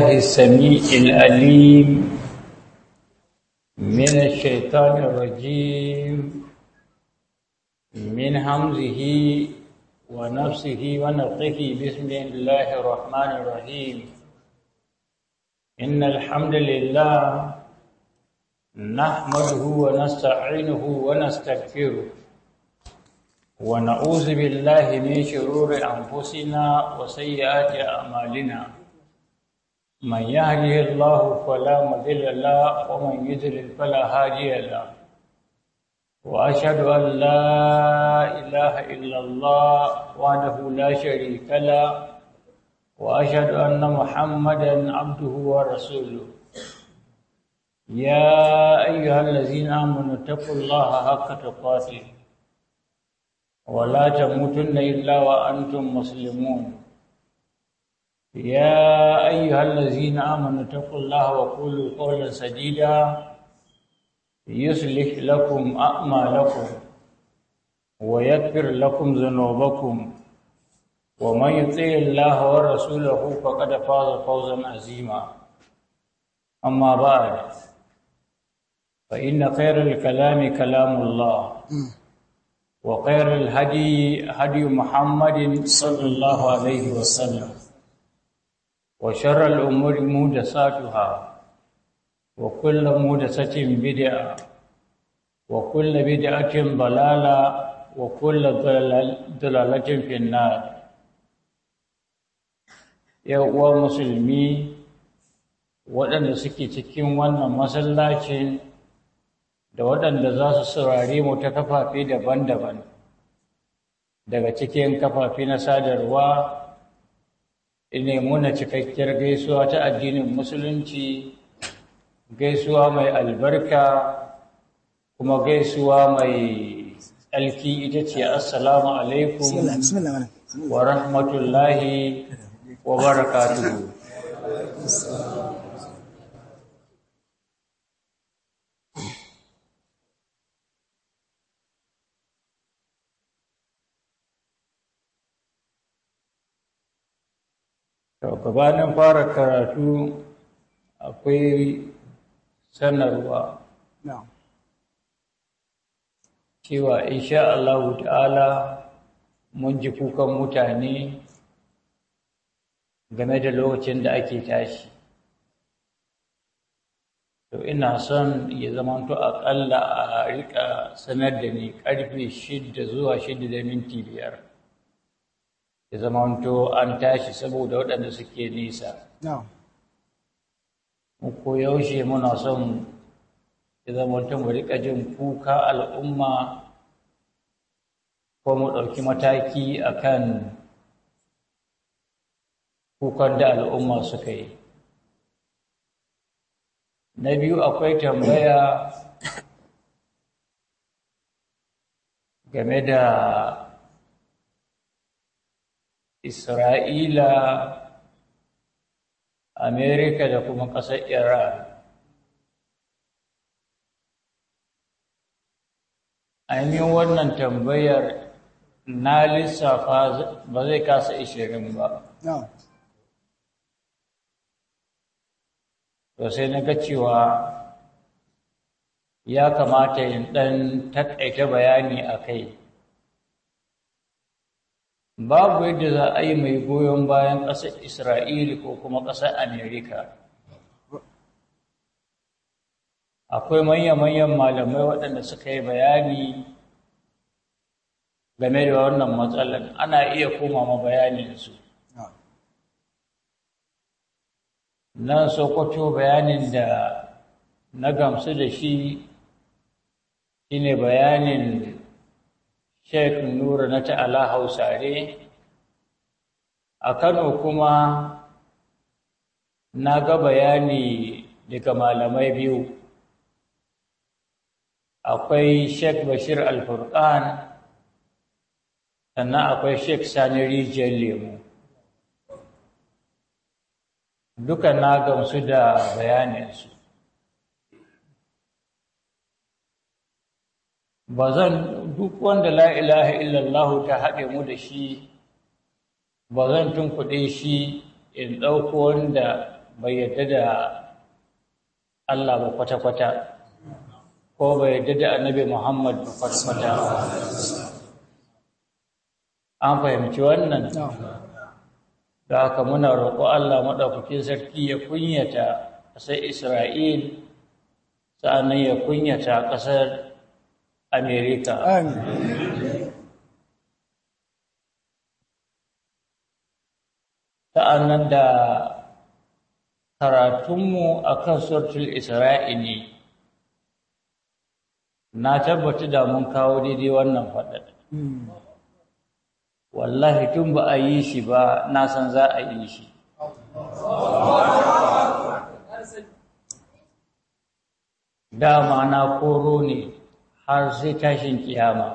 الله السميع العليم من الشيطان الرجيم من همزه ونفسه ونفخه بسم الله الرحمن الرحيم إن الحمد لله نحمده ونستعينه ونستغفره ونعوذ بالله من شرور أنفسنا وسيئات أعمالنا من يهده الله فلا مضل له ومن يضلل فلا هادي له واشهد ان لا اله الا الله وحده لا شريك له واشهد ان محمدا عبده ورسوله يا ايها الذين امنوا اتقوا الله حق تقاته ولا تموتن الا وانتم مسلمون يا أيها الذين آمنوا اتقوا الله وقولوا قولا سديدا يصلح لكم أعمالكم ويغفر لكم ذنوبكم ومن يطع الله ورسوله فقد فاز فوزا عظيما أما بعد فإن خير الكلام كلام الله وخير الهدي هدي محمد صلى الله عليه وسلم وشر الأمور مودساتها وكل مودسة بدعة وكل بدعة ضلالة وكل ضلالة في النار uwan musulmi waɗanda suke cikin wannan masallacin da waɗanda za su في mu ta kafafe daban-daban daga cikin kafafe na sadarwa ne muna cikakkiyar gaisuwa ta addinin musulunci gaisuwa mai albarka kuma gaisuwa mai tsalki ita ce assalamu alaikum wa rahmatullahi wa barakatuhu gabanin fara karatu akwai sanarwa cewa insha Allah ta'ala mun ji kukan mutane game da lokacin da ake tashi to ina son ya zamanto aƙalla a riƙa sanar da ni ƙarfe shida zuwa shida da minti biyar ya zamanto an tashi saboda waɗanda suke nisa ko yaushe muna son ya zamanto mu rika jin kuka al'umma ko mu ɗauki mataki akan kukan da al'umma suka yi na biyu akwai tambaya game da Isra'ila, Amerika da kuma ƙasar Iran. ainihin wannan tambayar na lissafa ba zai kasa ishirin ba. To sai na ga cewa ya kamata yin ɗan taƙaita bayani a kai. babu yadda za a yi mai goyon bayan ƙasar isra'ili ko kuma ƙasar amerika akwai manya-manyan malamai waɗanda suka yi bayani game da wannan matsalar ana iya koma ma bayaninsu nan sokoto bayanin da na gamsu da shi shine bayanin sheikh nura na ta'ala hausare a kano kuma na ga bayani daga malamai biyu akwai sheikh bashir alfurkan sannan akwai sheikh sani rijiyar lemu duka na gamsu da bayaninsu ba zan duk wanda la ilaha illallah ta haɗe mu da shi ba zan tun kuɗi shi in ɗauko wanda bai yadda da Allah ba kwata-kwata ko bai yadda da annabi Muhammad ba kwata-kwata an fahimci wannan da haka muna roƙo Allah maɗaukakin sarki ya kunyata ƙasar Isra'il nan ya kunyata ƙasar Amerika. Amin. nan da karatunmu a kan suratul Isra'i ne, na tabbata da mun kawo daidai wannan faɗaɗa. Hmm. Wallahi tun ba a yi shi ba, na san za a yi shi. Dama na koro ne. har sai tashin kiyama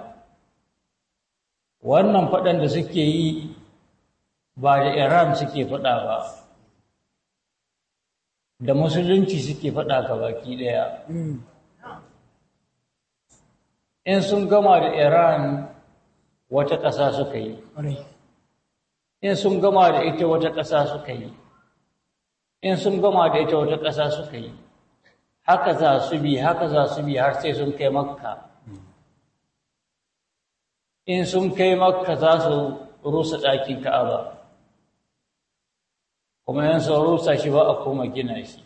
wannan faɗan da suke yi ba da iran suke faɗa ba da musulunci suke faɗa ka baki ɗaya in sun gama da iran wata ƙasa suka yi in sun gama da ita wata ƙasa suka yi in sun gama da ita wata ƙasa suka yi haka za su bi haka za su bi har sai sun kai makka in sun kai makka za su rusa ɗakin ka'aba kuma yan sun rusa shi ba a koma gina shi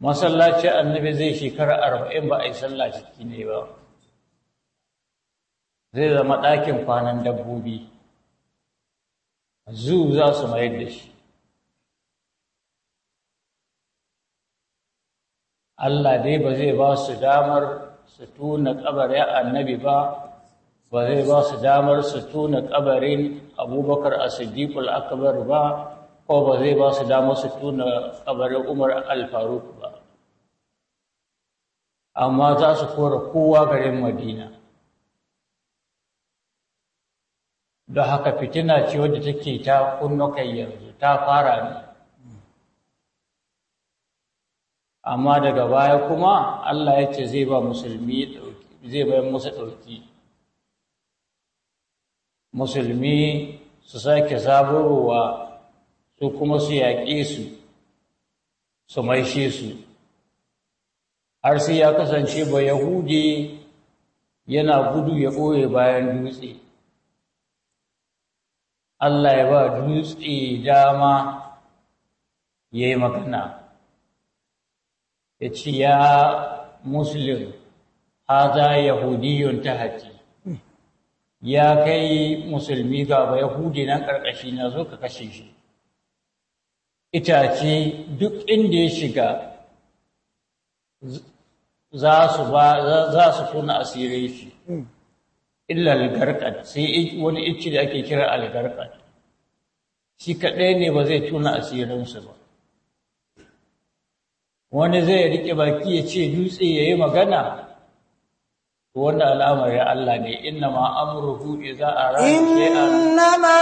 masallaci annabi zai shekara arba'in ba a yi sallah ne ba zai zama ɗakin kwanan dabbobi zu za su mayar da shi Allah dai ba zai ba su damar su tuna ƙabar ya annabi ba ba zai ba su damar su tuna kabarin abubakar a siddiƙul akabar ba ko ba zai ba su damar su tuna kabarin umar alfaruk ba amma za su kora kowa garin madina da haka fitina ce wadda take ta kunnukan yanzu ta fara ne amma daga baya kuma allah ya ce zai ba musulmi zai bayan musu ɗauki musulmi su sake zaburowa su kuma su yaƙe su su maishe su har sai ya kasance ba yahudi yana gudu ya ɓoye bayan dutse Allah ya ba dutse dama ya yi magana ya ce ya muslim haza yahudiyun ta hati ya kai musulmi ga ba yahudi na ƙarƙashi na zo ka kashe shi itace duk inda ya shiga za su ba za su tona asirin shi illa algarkat sai wani icci da ake kira algarkat shi kaɗai ne ba zai tona su ba wani zai rike baki ya ce dutse ya yi magana wannan al'amarin Allah ne inna ma amruhu idza arada shay'an inna ma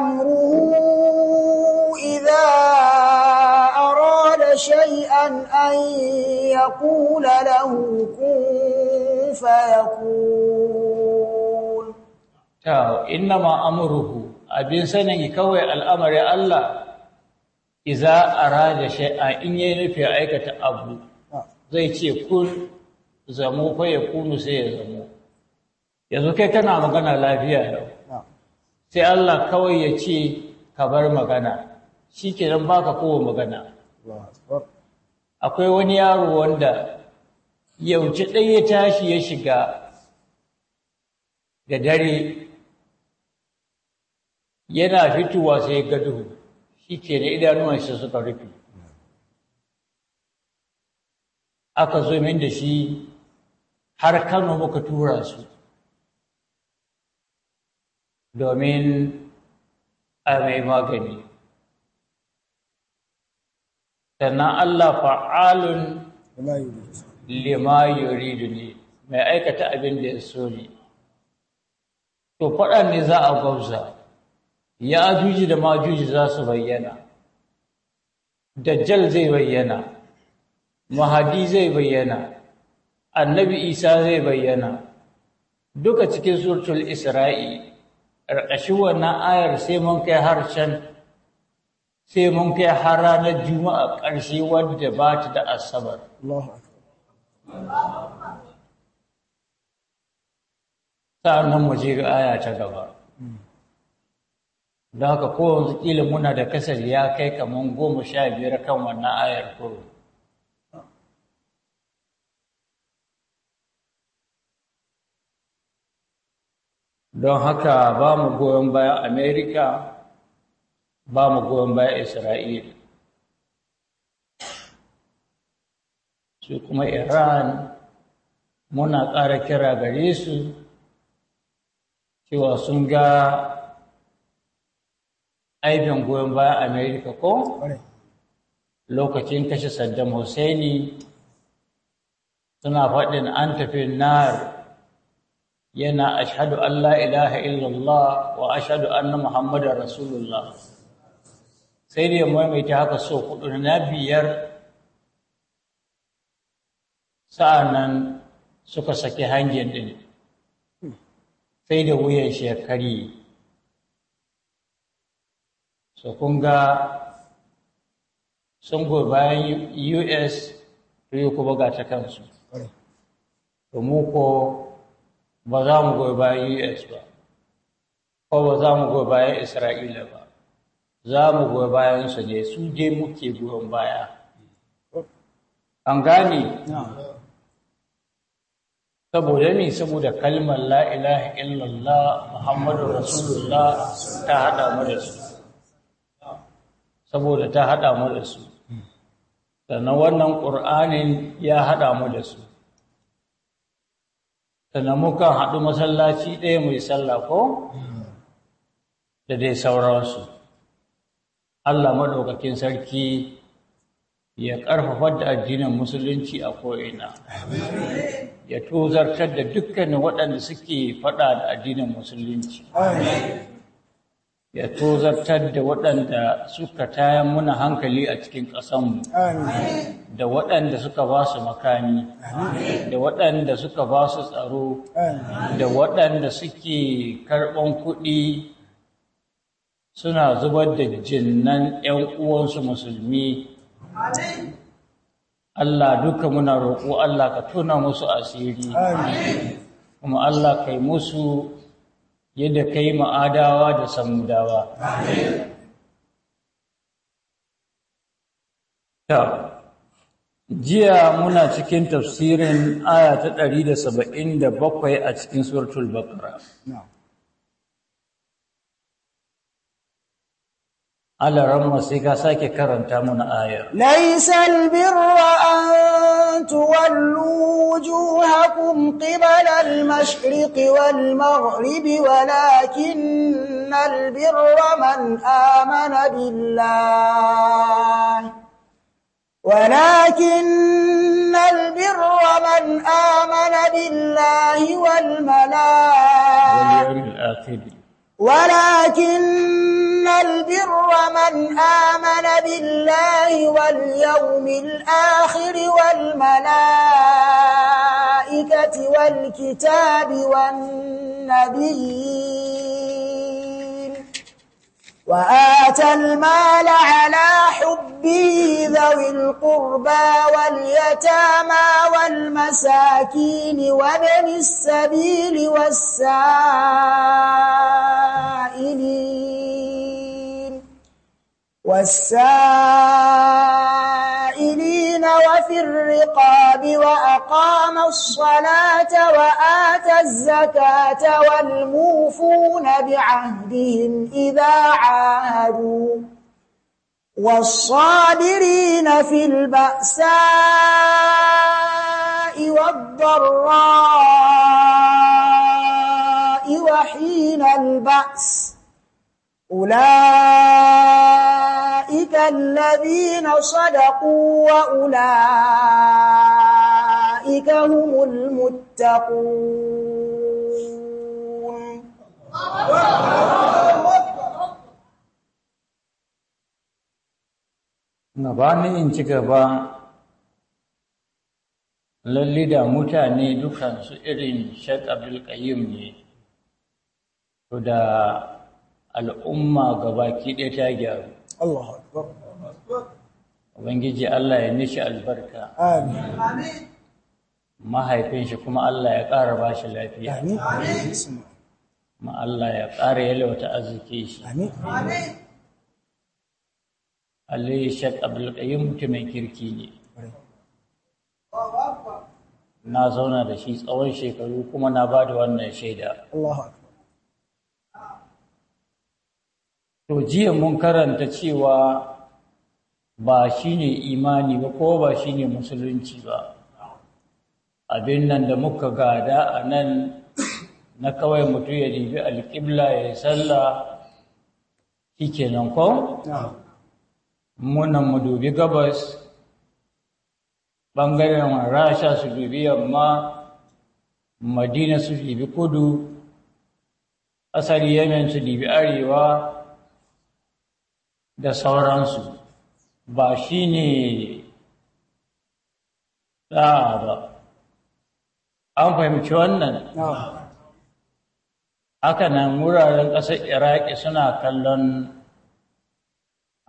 amruhu idza arada shay'an an yaqula lahu kun fayakun ta inna ma amruhu abin sanin kawai al'amarin Allah idza arada shay'an in yayi nufi aikata abu ah. zai ce kun Zamo fa ya kunu sai ya zamo yanzu kai kana magana lafiya yau sai Allah kawai ya ce ka bar magana shi baka kowa magana akwai wani yaro wanda yauce ya tashi ya shiga da dare yana fitowa sai ga duhu shi ke da shi suka rufe aka zo min da shi har Kano muka tura su domin a mai magani sannan Allah fa'alun limayu ridu ne mai aikata abin da ya so ne to faɗan ne za a gwabza ya juji da majuji za su bayyana dajjal zai bayyana mahadi zai bayyana annabi isa zai bayyana duka cikin surtul isra'i ƙarƙashin wannan ayar sai mun kai harshen sai mun kai har ranar juma'a ƙarshe wadda ba ta da asabar sa'annan mu je ga aya ta gaba hmm. da haka kowanne kila muna da kasar ya kai kamar goma sha biyar kan wannan ayar kuro don haka ba mu goyon bayan amerika ba mu goyon bayan Isra'il. su kuma iran muna ƙara kira gare su cewa sun ga aibin goyon bayan amerika ko lokacin kashe saddam hussein suna faɗin an tafi nar yana ashadu Allah ilaha illallah wa ashadu anna muhammadar rasulullah sai da ya maimaita haka so hudu na biyar nan suka saki hangen ɗin, sai da wuyan shekari ya karye so kun ga sun goyi bayan us to yi kuma ga ta kansu domin ko ba za mu goyi bayan US ba ko ba za mu goyi bayan Isra'ila ba za mu goyi bayan su ne su je muke goyon baya an gane saboda ne saboda kalmar la illallah muhammadu rasulullah ta haɗa mu da su saboda ta haɗa mu da su sannan wannan ƙur'anin ya haɗa mu da su sannan mukan haɗu masallaci ɗaya mai sallah ko da dai sauransu Allah maɗaukakin sarki ya ƙarfafa da addinin musulunci a ko'ina ya tozartar da dukkanin waɗanda suke faɗa da addinin musulunci ya tozartar da waɗanda suka tayan muna hankali a cikin ƙasanmu, da waɗanda suka ba su makami, da waɗanda suka ba su tsaro, da waɗanda suke karɓan kuɗi suna zubar da jinnan ‘yan uwansu musulmi. Allah duka muna roƙo Allah ka tuna musu asiri, kuma Allah kai musu yadda ka yi ma'adawa da samudawa. Ta, jiya muna cikin tafsirin aya ta bakwai a cikin suratul Baqara. على رمو سيغا ساكي من تامون آية ليس البر أن تولوا وجوهكم قبل المشرق والمغرب ولكن البر من آمن بالله ولكن البر من آمن بالله والملائكة ولكن إن البر من آمن بالله واليوم الآخر والملائكة والكتاب والنبيين وآتى المال على حبه ذوي القربى واليتامى والمساكين وابن السبيل والسائلين والسائلين وفي الرقاب وأقام الصلاة وآتى الزكاة والموفون بعهدهم إذا عاهدوا والصابرين في البأساء والضراء وحين البأس أولئك الذين صدقوا وأولئك هم المتقون Gabanin in ci gaba lalle da mutane dukansu irin Sheikh Abdul Qayyim ne, to da al'umma gabaki ɗaya ta gyaru Allahu Ubangiji Allah ya nishi albarka amin mahaifin shi kuma Allah ya ƙara ba shi lafiya amin ma Allah ya ƙara yalwata arziki shi amin Aliyu Sheikh Abdulkayyum mutumin kirki ne na zauna da shi tsawon shekaru kuma na ba da wannan shaida. Allah To jiya mun karanta cewa ba shi ne imani ba ko ba shi ne musulunci ba. Abin nan da muka gada a nan na kawai mutu ya jibi alƙibla ya yi sallah shi kenan ko? Munan mu dubi gabas, ɓangaren rasha su dubi yamma, madina su dubi kudu, asali yamin su dubi arewa, da sauransu ba shi ne ba an fahimci wannan haka nan wuraren ƙasar iraki suna kallon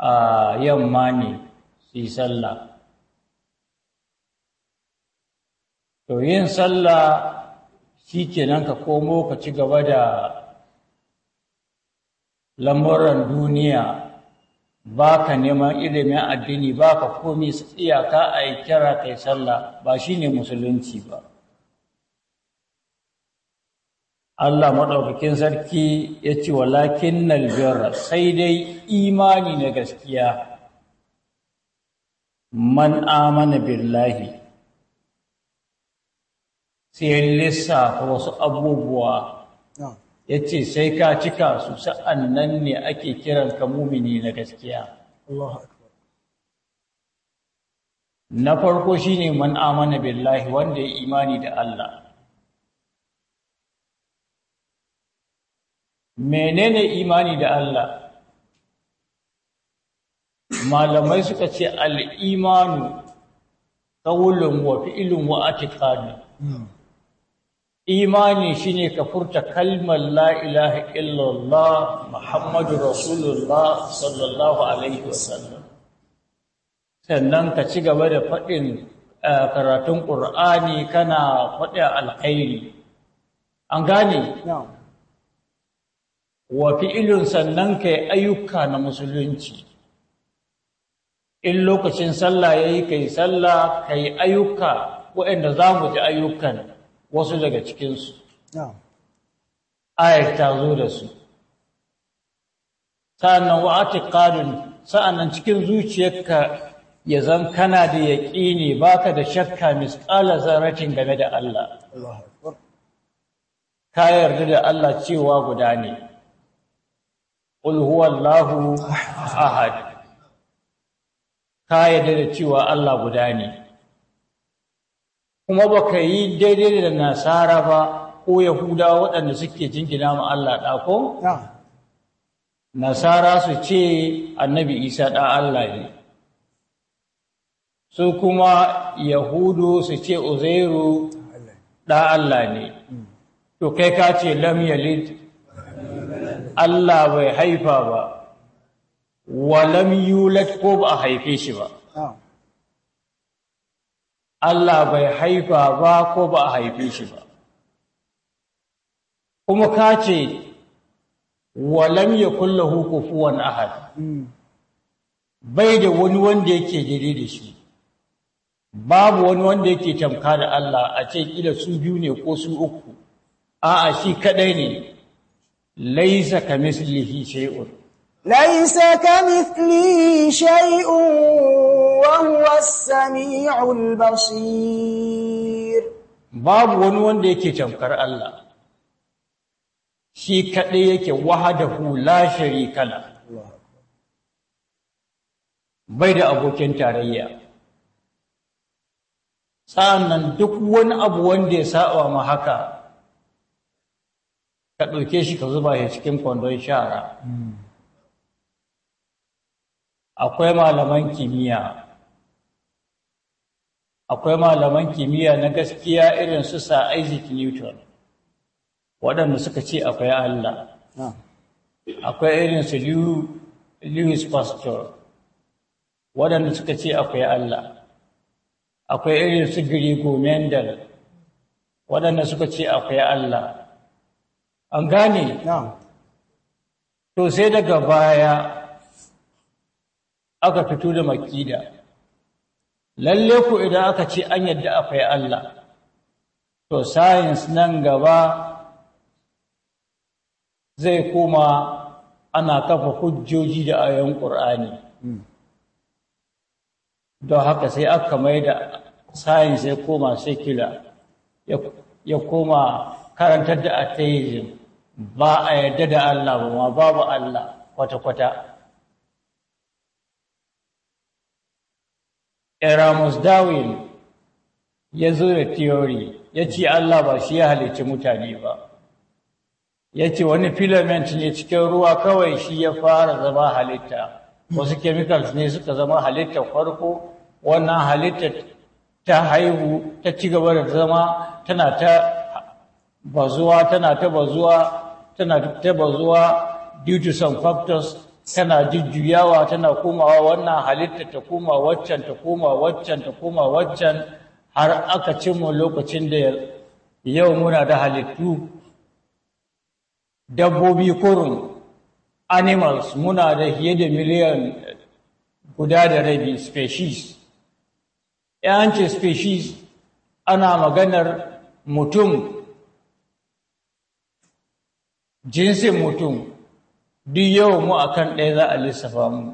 a yamma ne su yi sallah to yin sallah shi kenan ka komo ka ci gaba da lamuran duniya ba ka neman ilimin addini ba ka komi tsiyaka a yi kira kai sallah ba shi ne musulunci ba Allah maɗaukakin sarki ya ce wa lakin nalbiyar sai dai imani na gaskiya man amana billahi sai lissafa wasu abubuwa ya ce sai ka cika su sa'an nan ne ake kiran ka mumini na gaskiya na farko shine man amana billahi wanda ya imani da Allah menene imani da Allah malamai suka ce al'imanu ƙaunin wa fi'ilin wa atiƙadu hmm. imani shine ka furta kalmar la ilaha illallah muhammadu rasulullah sallallahu alaihi wasallam sannan ka ci gaba da faɗin karatun ƙur'ani kana faɗin alkhairi an gane wa fi'ilun sannan kai ayyuka na musulunci in lokacin sallah yayi kai sallah kai ayyuka waɗanda za mu ji ayyukan wasu daga cikinsu ayar ta zo da su sa'annan wa'ati sa'an sa'annan cikin zuciyarka ya zan kana da yaƙini ka da shakka misƙala zarratin game da Allah ka yarda da Allah cewa guda ne qul huwallahu ahad ka yarda da cewa Allah guda ne kuma baka yi daidai da nasara ba ko yahuda waɗanda suke jingina ma Allah ɗako nasara su ce annabi isa ɗan Allah ne su kuma yahudu su ce uzairu ɗan Allah ne to kai ka ce lam yalid Allah bai haifa ba wa lam yulad ko ba a haife shi ba Allah bai haifa ba ko ba a haife shi ba kuma ka ce walam ya hukufu wani ahad bai da wani wanda yake daidai da shi babu wani wanda yake tamka da Allah a ce kila su biyu ne ko su uku a'a shi kadai ne laisa sai shay'un ليس كمثله شيء وهو السميع البصير babu wani wanda yake tamkar Allah shi kaɗai yake wahadahu la sharika la bai da abokin tarayya sa'annan duk wani abu wanda ya saba ma haka ka ɗauke shi ka zuba shi cikin kwandon shara hmm. akwai malaman kimiyya akwai malaman kimiyya na gaskiya irin su sa Isaac Newton waɗanda suka ce akwai Allah ah. akwai irin su Louis Pasteur waɗanda suka ce akwai Allah akwai irin su Grigo Mendel waɗanda suka ce akwai Allah an gane to sai daga baya aka fito da makida lalle ku idan aka ce an yadda akwai Allah to science nan gaba zai koma ana kafa hujjoji da ayoyin Qur'ani don haka sai aka mai da science ya koma secular ya koma karantar da atheism ba a yadda da Allah ba ma babu Allah kwata-kwata Erasmus Darwin ya zo da theory ya ce Allah ba shi ya halicci mutane ba ya ce wani filament ne cikin ruwa kawai shi ya fara zama halitta wasu chemicals ne suka zama halittar farko wannan halitta ta haihu ta ci gaba da zama tana ta bazuwa tana ta bazuwa tana ta bazuwa due to some factors tana jujjuyawa tana komawa wannan halitta ta koma waccan ta koma waccan ta koma waccan har aka cimma lokacin da yau muna da halittu dabbobi kurun animals muna da fiye da miliyan guda da rabi species ce species ana maganar mutum jinsin mutum duk yau mu kan ɗaya za a lissafa mu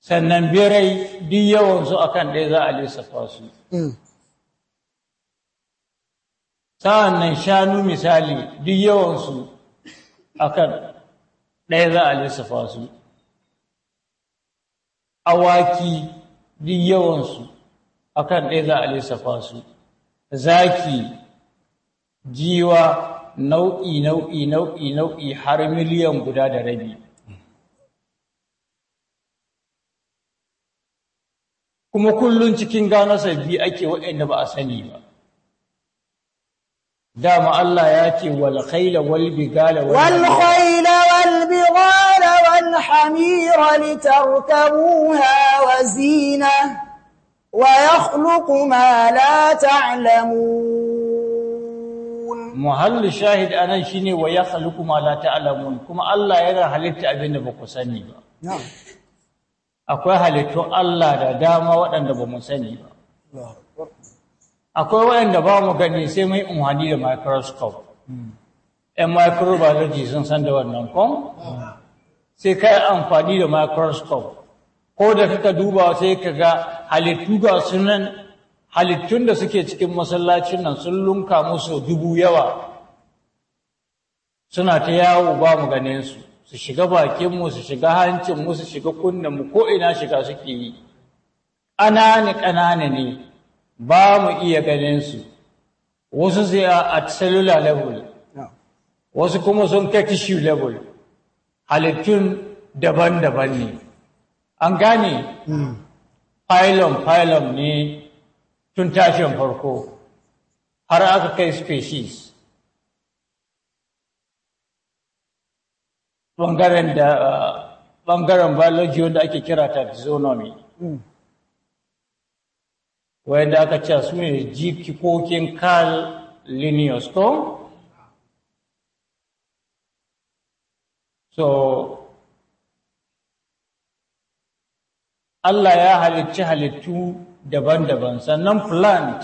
sannan birai duk yawan su kan ɗaya za a lissafa su mm. sa'an nan shanu misali duk yawan su kan ɗaya za a lissafa su awaki duk yawan su kan ɗaya za a lissafa su zaki jiwa nau'i nau'i nau'i nau'i har miliyan guda da rabi kuma kullun cikin gano sabbi ake waɗanda ba a sani ba dama Allah ya ce wal khayla wal bigala wal khayla wal bigala wal hamira litarkabuha wa zina wa yakhluqu ma la ta'lamun muhallu shahid anan shine wa yakhluqu ma la ta'lamun kuma Allah yana halitta abinda ba ku sani ba akwai halittu Allah da dama waɗanda ba mu sani ba akwai waɗanda ba mu gani sai mai umhani da microscope hmm. ‘yan microbiology sun san da wannan kon sai kai amfani da microscope ko da kaka duba sai ka ga halittu ga sunan halittun da suke cikin masallacin nan sun lunka musu dubu yawa suna ta yawo ba mu ganin su su shiga bakinmu su shiga hancinmu su shiga kunnenmu ko ina shiga suke yi anani ƙanani ne ba mu iya ganin su wasu sai a cellular level wasu kuma sun kai tissue level halittun daban-daban ne an gane hmm. pylon pylon ne tun tashin farko har aka kai species ɓangaren da ɓangaren biology wanda ake kira taxonomy hmm. da aka ce su ne jikokin Carl linear ko? So, Allah ya halicci halittu daban-daban sannan plant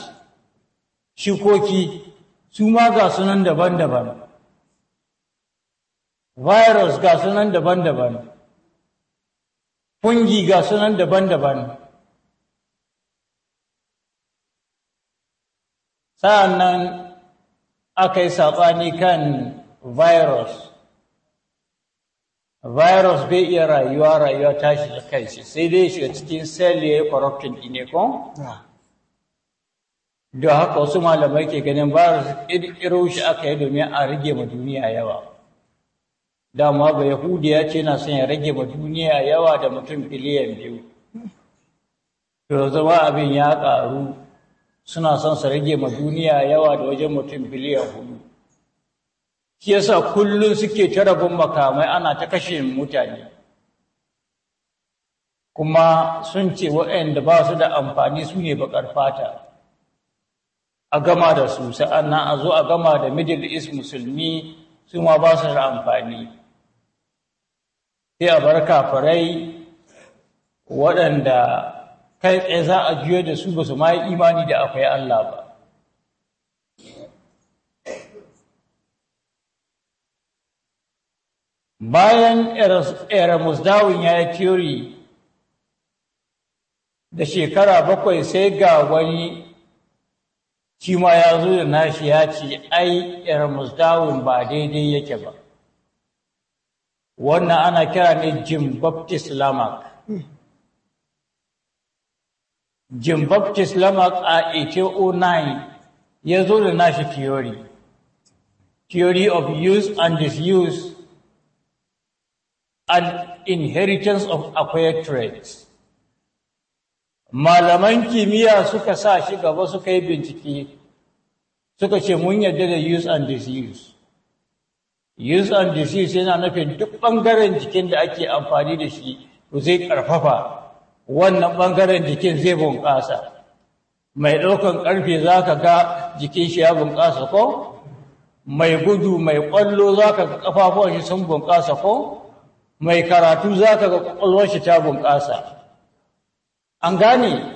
shikoki su ma ga sunan daban-daban virus ga sunan daban-daban fungi ga sunan daban-daban nan aka yi saɓani kan virus virus bai iya rayuwa rayuwa ta kai kanshi sai dai shiga cikin cell ya yi corruption ne ko? Ah. da haka wasu malamai ke ganin virus ƙirƙiro shi aka yi domin a rage ma duniya yawa dama ba yahudi ya ce na son ya rage ma duniya yawa da mutum biliyan biyu to zama abin ya ƙaru suna son su rage ma duniya yawa da wajen mutum biliyan shi yasa kullum suke tarabin makamai ana ta kashe mutane kuma sun ce waɗanda ba su da amfani su ne baƙar fata a gama da su nan a zo a gama da middle east musulmi su ma ba su da amfani sai a bar kafirai waɗanda kai tsaye za a juyo da su ba su ma imani da akwai Allah ba bayan Eramus er Darwin ya yi theory da shekara bakwai sai ga wani kima ya zo da nashi ya ce ai Eramus ba daidai yake ba wannan ana kira ne Jim Baptist Lamar. Jim Baptist Lamar a 1809 ya zo da nashi theory theory of use and disuse an inheritance of acquired traits malaman kimiyya suka sa shi gaba suka yi bincike suka ce mun yadda da use and disuse use and disuse yana nufin duk ɓangaren jikin da ake amfani da shi zai ƙarfafa wannan ɓangaren jikin zai bunƙasa mai ɗaukan ƙarfe za ka ga jikin shi ya bunƙasa ko mai gudu mai ƙwallo za ka ga ƙafafuwan shi sun bunƙasa ko mai karatu za ka ga shi ta bunƙasa an gane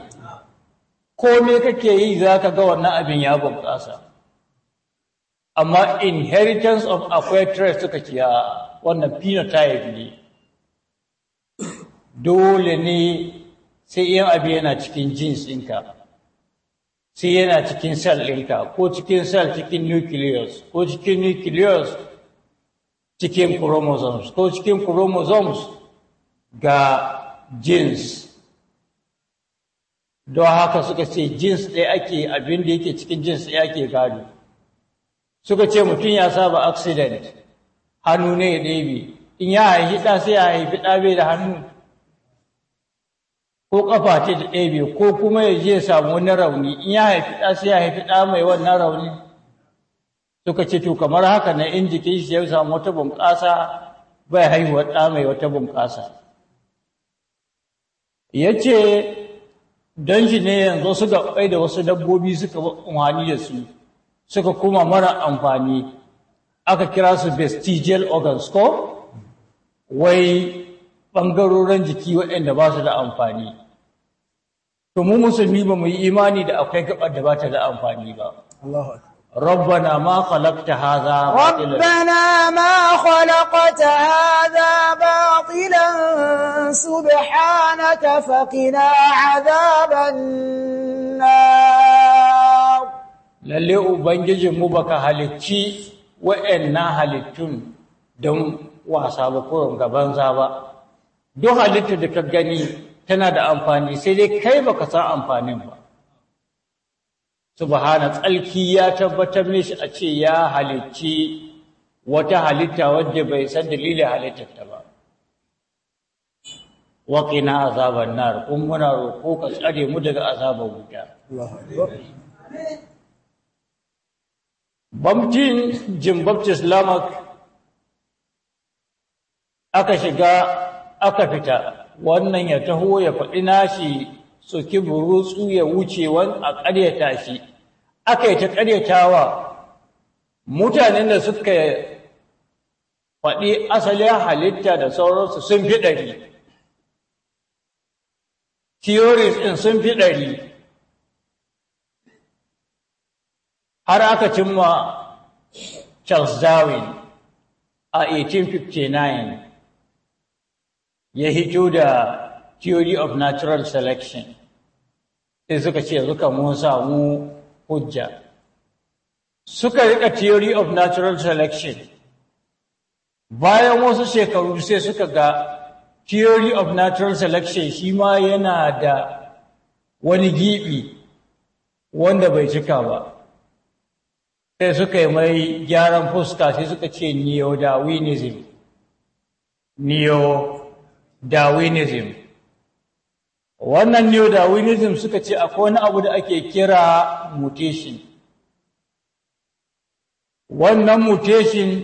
ne kake yi za ka ga wannan abin ya bunƙasa amma inheritance of acquired trust suka ciya wannan phenotype ne dole ne sai yin abu yana cikin jins ɗinka sai yana cikin cell ɗinka ko cikin cell cikin nucleus ko cikin nucleus cikin chromosomes ko cikin chromosomes ga jeans don haka suka ce jeans ɗaya e ake abin da yake cikin jeans ɗaya e ake gado suka ce mutum ya saba accident hannu ne ya ɗebe in ya haifi ɗa sai ya haifi ɗa bai da hannu ko ƙafa ce ta ɗebe ko kuma ya je samu wani rauni in ya haifi ɗa sai ya haifi ɗa mai wannan rauni suka ce to kamar haka na in jikin shi ya samu wata bunƙasa bai haihuwa ɗa mai wata bunƙasa ya ce don shi ne yanzu suka ƙwai da wasu dabbobi suka amfani da su suka kuma mara amfani aka kira su vestigial organs ko wai ɓangarorin jiki waɗanda ba su da amfani to mu musulmi ba mu yi imani da akwai gaɓar da ba ta da amfani ba ربنا ma خلقت هذا باطلا ربنا ما خلقت هذا باطلا سبحانك فقنا عذاب النار lalle ubangijinmu baka halicci wa'annan halittun don wasa ba gaban za ba duk halittar da ka gani tana da amfani sai dai kai baka san amfanin ba subhana tsalki ya tabbatar shi a ce ya halicci wata halitta wadda bai san dalilin halittar ta ba wa na azaban nar kun muna roƙo ka tsare mu daga azaban wuta bamtin Jim Baptist Lamak aka shiga aka fita wannan ya taho ya faɗi nashi buru su ya wuce wan a ƙaryata shi aka yi ta ƙaryatawa mutanen da suka faɗi asali halitta da sauransu sun fi ɗari theories ɗin sun fi ɗari har aka cimma Charles Darwin a 1859 ya hito da theory of natural selection sai suka ce suka mun samu hujja suka rika theory of natural selection bayan wasu shekaru sai suka ga theory of natural selection shi ma yana da wani gibi wanda bai cika ba sai suka yi mai gyaran fuska sai suka ce neo-darwinism neo-darwinism wannan new darwinism suka ce akwai wani abu da ake kira mutation wannan mutation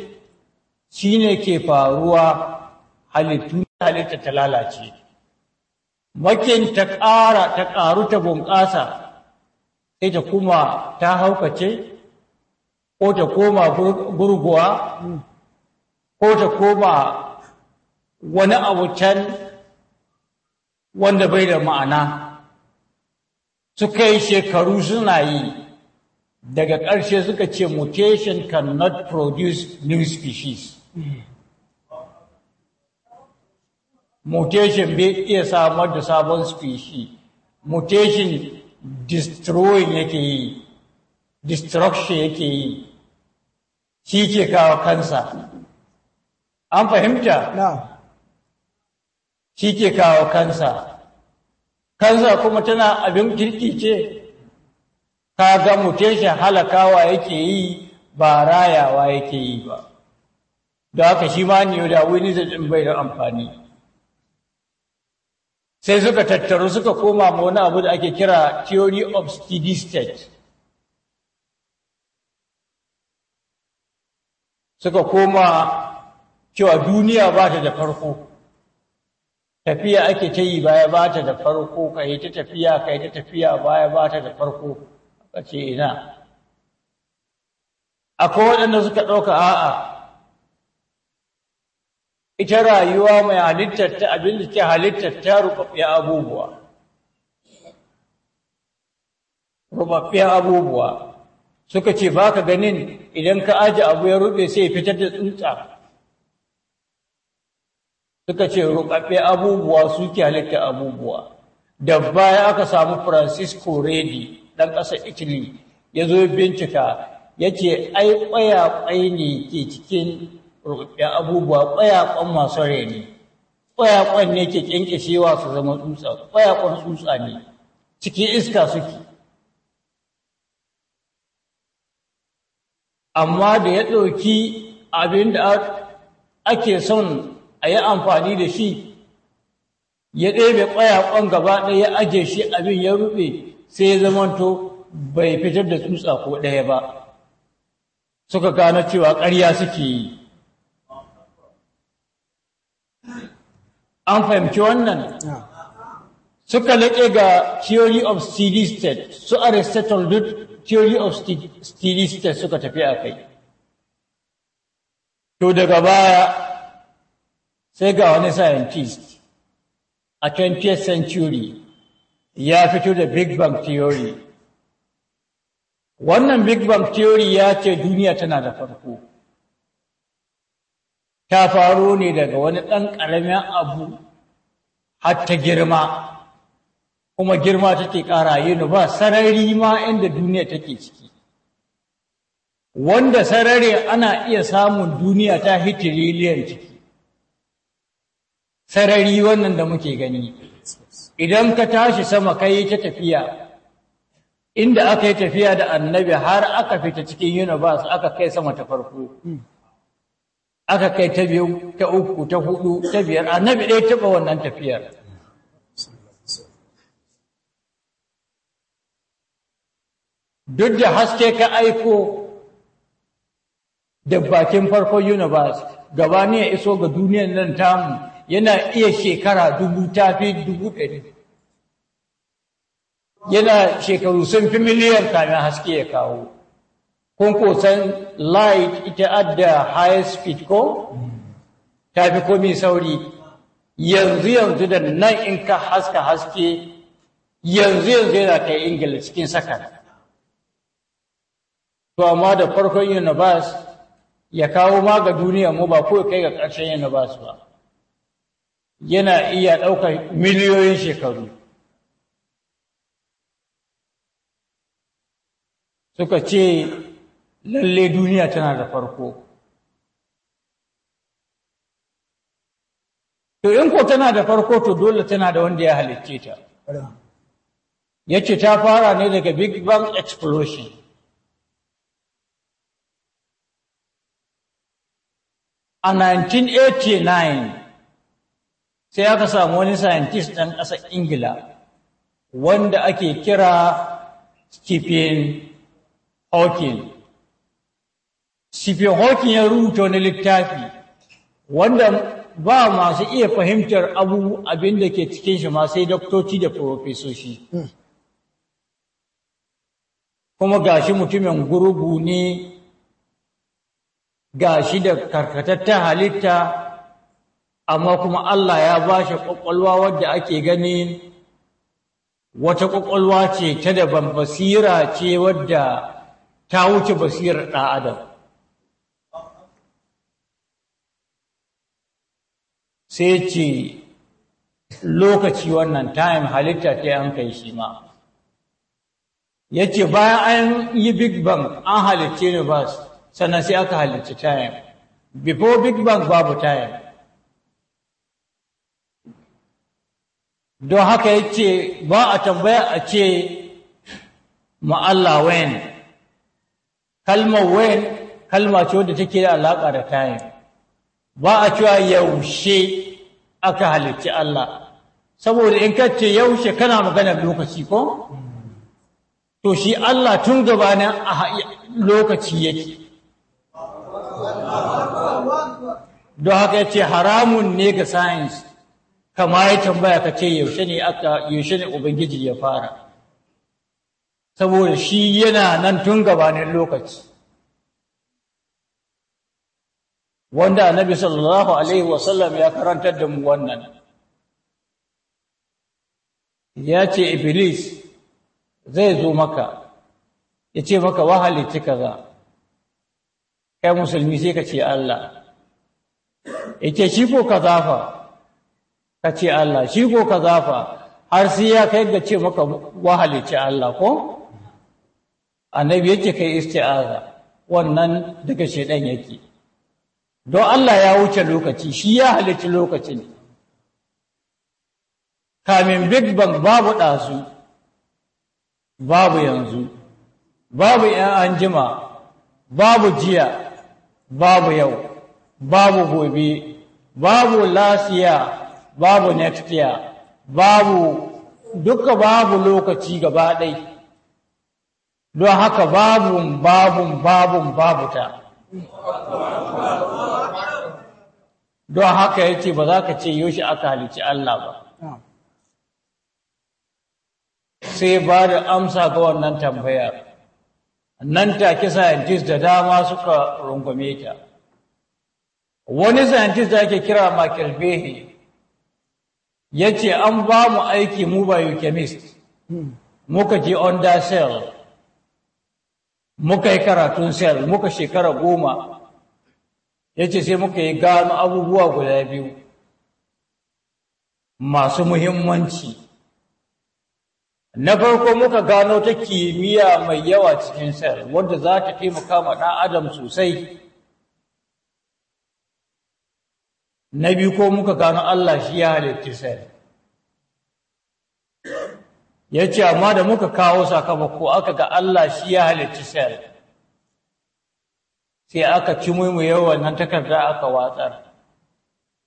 shine ke faruwa halittu halitta ta lalace makin ta ƙara ta ƙaru ta bunƙasa sai ta kuma ta haukace ko ta koma gurguwa ko ta koma wani abu can wanda bai da ma'ana suka yi shekaru suna yi daga ƙarshe suka ce mutation cannot produce new species mutation bai iya samar da sabon species mutation destroying yake yi destruction yake yi shi ke kawo kansa an fahimta shi ke kawo kansa kansa kuma tana abin kirki ce ka ga mutum shi halakawa yake yi ba rayawa yake yi ba da haka shi ma ne da wani zaɗin bai da amfani sai suka tattaru suka koma ma wani abu da ake kira theory of steady state suka koma cewa duniya ba ta da farko tafiya ake ta yi baya ba ta da farko ka yi ta tafiya ka yi ta tafiya baya ba ta da farko ka ce ina akwai waɗanda suka ɗauka a'a ita rayuwa mai halittar ta abin da ke halittar ta ruɓaɓɓiya abubuwa ruɓaɓɓiya abubuwa suka ce ba ka ganin idan ka aji abu ya ruɓe sai fitar da tsuntsa suka ce rukabe abubuwa suke halitta abubuwa da baya aka samu francisco redi ɗan ƙasa italy ya zo bincika ya ce ai ƙwayaƙwai ne ke cikin ruɓaɓɓen abubuwa ƙwayaƙwan masu reni ƙwayaƙwan ne ke ƙyanƙyashewa su zama tsutsa ƙwayaƙwan tsutsa ne cikin iska suke amma da ya ɗauki abin da ake son a yi amfani da shi ya ɗebe ƙwayaƙon gaba ɗaya ya aje shi abin ya rufe sai ya zamanto bai fitar da tsutsa ko ɗaya ba suka gano cewa ƙarya suke yi an fahimci wannan suka laƙe ga theory of steady state su aristotle duk theory of steady state suka tafi a kai to daga baya sai ga wani scientist a 20th century ya fito da big bang theory wannan big bang theory ya ce duniya tana da farko ta faro ne daga wani ɗan ƙaramin abu har ta girma kuma girma take ƙara yin ba sarari ma inda duniya take ciki wanda sarari ana iya samun duniya ta hitiriliyan ciki sarari wannan da muke gani idan ka tashi sama kai ta tafiya inda aka yi tafiya da annabi har aka fita cikin universe aka kai sama ta farko aka kai ta biyu ta uku ta hudu ta biyar annabi ɗaya taɓa wannan tafiyar duk da haske ka aiko da bakin farkon universe gaba ne ya iso ga duniyar nan tamu yana iya shekara dubu tafi dubu ɗari yana shekaru sun fi miliyan kamin haske ya kawo kun kusan light ita adda high speed ko tafi komi sauri yanzu yanzu da nan in ka haska haske yanzu yanzu yana kai ingila cikin sakan to amma da farkon universe ya kawo ma ga duniya mu ba ko kai ga ƙarshen universe ba yana iya ɗaukar miliyoyin shekaru suka ce lalle duniya tana da farko to in ko tana da farko to dole tana da wanda ya halicce ta ya ce ta fara ne daga big bang explosion a 1989 sai aka samu wani scientist ɗan ƙasar ingila wanda ake kira stephen hawking stephen hawking ya rubuta wani littafi wanda ba masu iya fahimtar abu abin da ke cikin shi ma sai doktoci da profesoshi kuma gashi mutumin gurugu ne gashi da karkatattun halitta amma kuma Allah ya ba shi ƙwaƙwalwa wadda ake gani wata ƙwaƙwalwa ce ta daban basira ce wadda ta wuce basirar ɗan adam sai ce lokaci wannan time halitta ta an kai shi ma ya ce bayan an yi big bang an halicce universe sannan sai aka halitta time before big bang babu time don haka yake ba a tambaya a ce ma Allah kalmar kalma ce wadda take da alaƙa da tayin ba a cewa yaushe aka halicci Allah saboda in ka ce yaushe kana maganar lokaci ko to shi Allah tun gabanin a lokaci yake don haka ya ce haramun ne ga science kama ya tambaya ka ce yaushe ne aka yaushe ne ubangiji ya fara saboda shi yana nan tun gabanin lokaci wanda annabi sallallahu alaihi Sallam ya karantar da mu wannan ya ce iblis zai zo maka ya ce maka wahalici kaza kai musulmi sai ka ce Allah ya ce shi ko kaza fa ka ce Allah shi ko ka zafa har sai ya kai ga ce maka wahalici Allah ko annabi yake kai isti'aza wannan daga shedan yake don Allah ya wuce lokaci shi ya halici lokacin kamin big bang babu ɗazu babu yanzu babu ‘yan anjima babu jiya babu yau babu gobe babu lasiya babu next year babu duka babu lokaci gaba ɗai don haka babu-babu-babu-babu ta, don haka ya ce ba za ka ce yaushe aka halici Allah ba sai ba da amsa ga wannan tambaya nan take scientist da dama suka rungume ta wani scientist da ake kira Michael Behe ya ce an ba mu aiki mu biochemist muka je under cell muka yi karatun cell muka shekara goma ya ce sai muka yi gano abubuwa guda biyu masu muhimmanci na farko muka gano ta kimiyya mai yawa cikin cell wadda za ta taimaka ma ɗan adam sosai na biyu ko muka gano Allah shi ya halitta sai ya ce amma da muka kawo sakamako aka ga Allah shi ya halitta sai sai aka ci mu yawan nan takarda aka watsar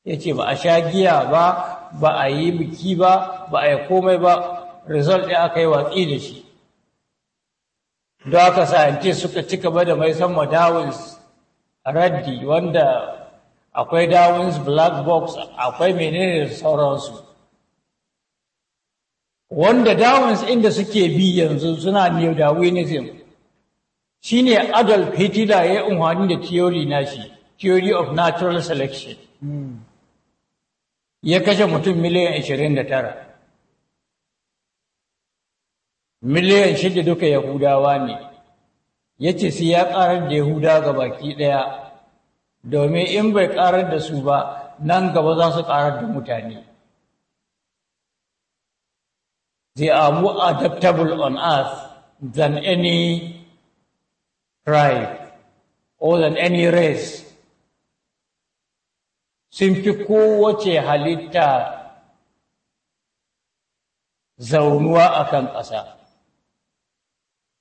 ya ce ba a sha giya ba ba a yi biki ba ba a yi komai ba result ɗin aka yi watsi da shi don haka sa'ance suka ci gaba da mai san madawin raddi wanda akwai Darwin's black box akwai menene sauransu wanda Darwin's inda suke bi yanzu suna neo Darwinism shine Adolf Hitler ya yi unhani da theory shi theory of natural selection ya kashe mutum miliyan 29 miliyan shida duka Yahudawa ne ya ce sai ya ƙarar da Yahuda ga baki ɗaya. domin in bai ƙarar da su ba nan gaba za su ƙarar da mutane they are more adaptable on earth than any tribe or than any race sun fi kowace halitta zaunuwa kan ƙasa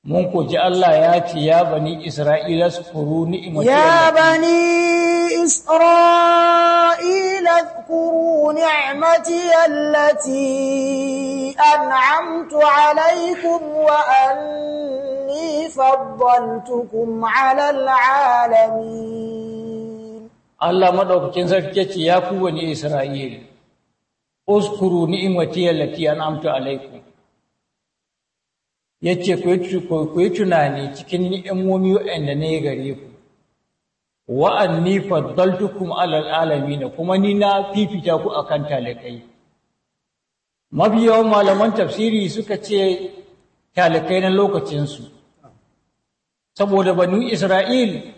mun ji Allah ya ce ya bani Isra'ila su kuru ni'imati ya bani Isra'ila kuru ni'imati allati an'amtu alaikum wa anni faddaltukum ala alamin Allah madaukakin sarki yace ya ku bani Isra'ila uskuru ni'imati allati an'amtu alaikum ya ce ku yi tunani cikin ni'imomi waɗanda na yi gare ku wa'anni faddaltukum alal na kuma ni na fifita ku akan talakai mabiyawan malaman tafsiri suka ce talakai na lokacinsu saboda banu isra'il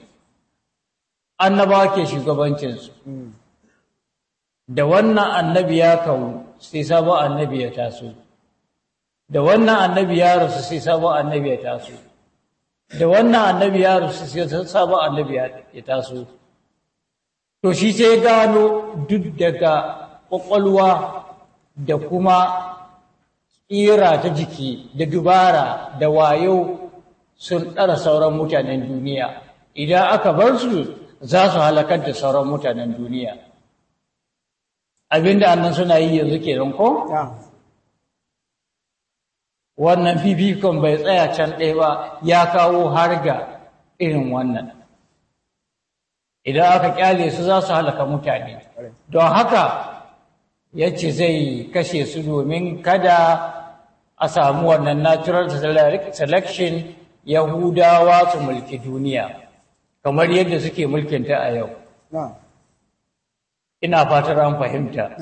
annaba ke shugabancinsu da wannan annabi ya kawo sai sabon annabi ya taso da wannan annabi ya rasu sai sabon annabi ya taso da wannan annabi ya rasu sai sabon annabi ya taso to shi sai ya gano duk daga ƙwaƙwalwa da kuma tsira ta jiki da dubara da wayo sun ɗara sauran mutanen duniya idan aka bar su za su halakar da sauran mutanen duniya abinda annan suna yi yanzu kenan ko? wannan fifikon bai tsaya can ɗaya ba ya kawo har ga irin wannan idan aka kyale su za su halaka mutane don haka ya ce zai kashe su domin kada a samu wannan natural selection yahudawa su mulki duniya kamar yadda suke mulkinta a yau ina fatar an fahimta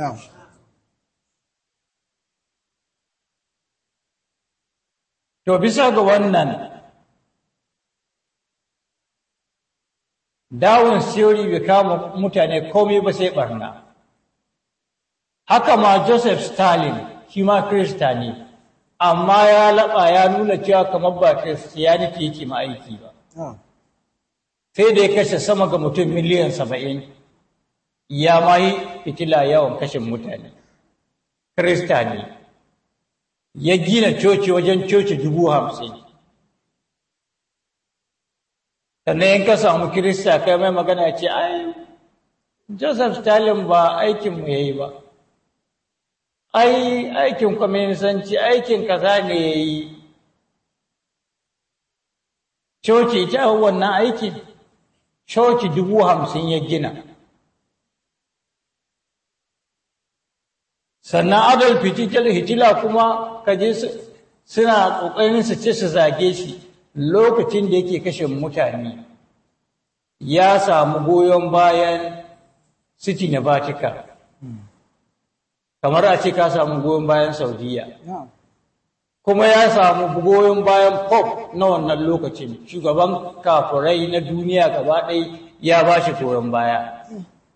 to bisa ga wannan dawon siyori bai kama mutane komai ba sai barna haka ma joseph stalin shi ma kirista ne amma ya laɓa ya nuna cewa kamar ba kiristiyaniti yake ma'aiki ba ah. sai da ya kashe sama ga mutum miliyan saba'in ya ma yi fitila yawan kashin mutane kirista ne ya gina coci wajen coci dubu hamsin sannan yin ka samu kirista kai mai magana ce ai joseph stalin ba aikinmu ya yi ba ai aikin kwaminisanci aikin kaza ne ya yi coci ita wannan aikin coci dubu hamsin ya gina sannan adal adolf hitila kuma kaje suna ƙoƙarin su ce su zage shi lokacin da yake kashe mutane ya samu goyon bayan city na Batika, kamar a ce ka samu goyon bayan saudiya kuma ya samu goyon bayan pop na wannan lokacin shugaban kafurai na duniya gaba ɗaya ya ba shi goyon baya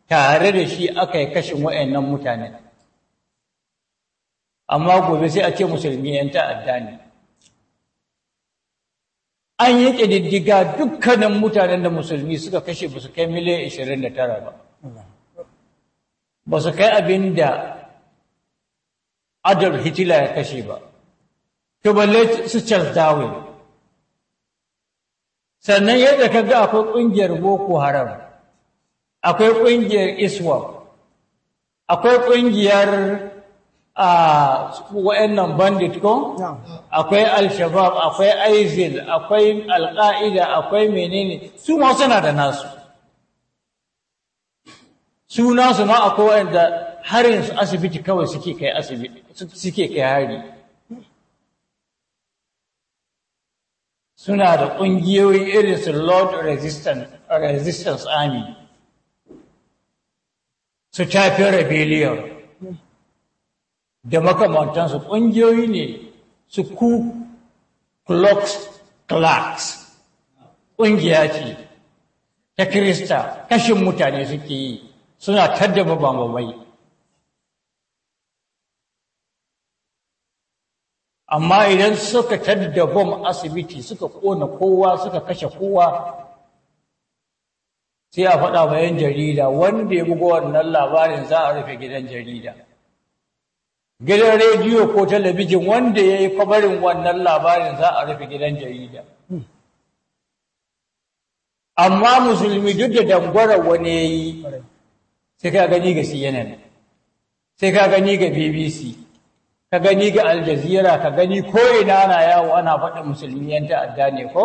tare da shi aka yi kashin wa'annan mutane amma gobe sai a ce musulmi yan ta'adda ne an yi ƙididdiga dukkanin mutanen da musulmi suka kashe ba su kai miliyan 29 ba ba su kai abin da adar hitila ya kashe ba to balle su charles sannan yadda ka ga akwai ƙungiyar boko haram akwai ƙungiyar iswa akwai ƙungiyar A wa'annan bandit ko akwai al-shabab akwai aizil akwai al-qaida akwai menene su ma suna da nasu su nasu ma akwai wanda harin su asibiti kawai suke kai asibiti suke kai hari suna da ƙungiyoyi irin su lord resistance army su tafi rebellion da makamantansu ƙungiyoyi ne su ku clocks ƙungiya ce ta kirista kashin mutane suke yi suna tadda mabambamai amma idan suka tadda bom asibiti suka kona kowa suka kashe kowa sai a faɗa bayan 'yan jarida wanda ya buga wannan labarin za a rufe gidan jarida gidan rediyo ko talabijin wanda ya yi kwabarin wannan labarin za a rufe gidan jarida amma musulmi duk da dangwara wani ya yi sai ka gani ga cnn sai ka gani ga bbc ka gani ga al jazeera ka gani ko ina na yawo ana faɗa musulmi yan ta'adda ne ko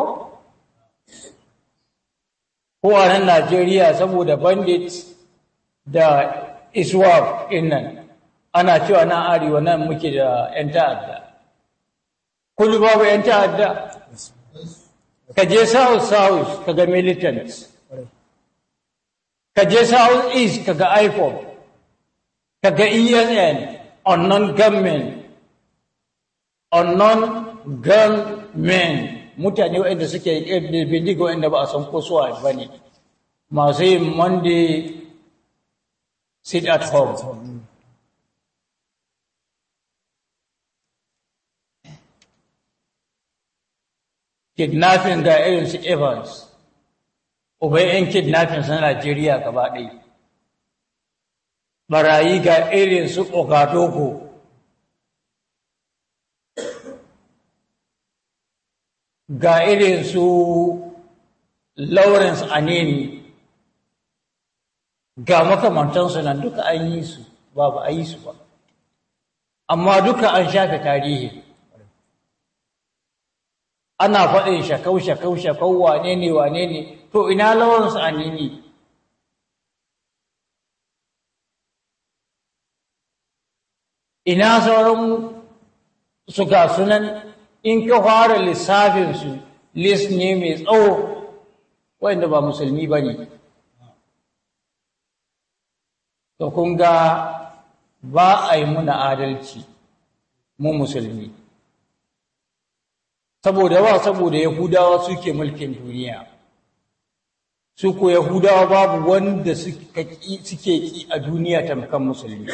ko a nan najeriya saboda bandit da iswaf ɗin ana cewa na arewa nan muke da 'yan ta'adda kudu babu 'yan ta'adda ka je south south kaga militants ka je south east kaga ka kaga enn unknown gunmen unknown gunmen mutane waɗanda suke bindiga waɗanda ba a san ko suwa ba ne masu yin monday sit at home kidnafin ga irin su evans ubai yan kidnafin sun najeriya gaba ɗai barayi ga irin su ogadoko ga irin su lawrence anini ga makamantansu nan duka an yi su babu a yi su ba amma duka an shafe tarihi ana faɗin shakau shakau shakau wane ne wane ne to ina lawansu a nini ina sauran su ga sunan in ka fara lissafinsu list ne mai tsawo wanda ba musulmi ba ne to kun ga ba a yi muna adalci mu musulmi saboda wa saboda yahudawa suke mulkin duniya su ko yahudawa babu wanda suke ki a duniya tamkan musulmi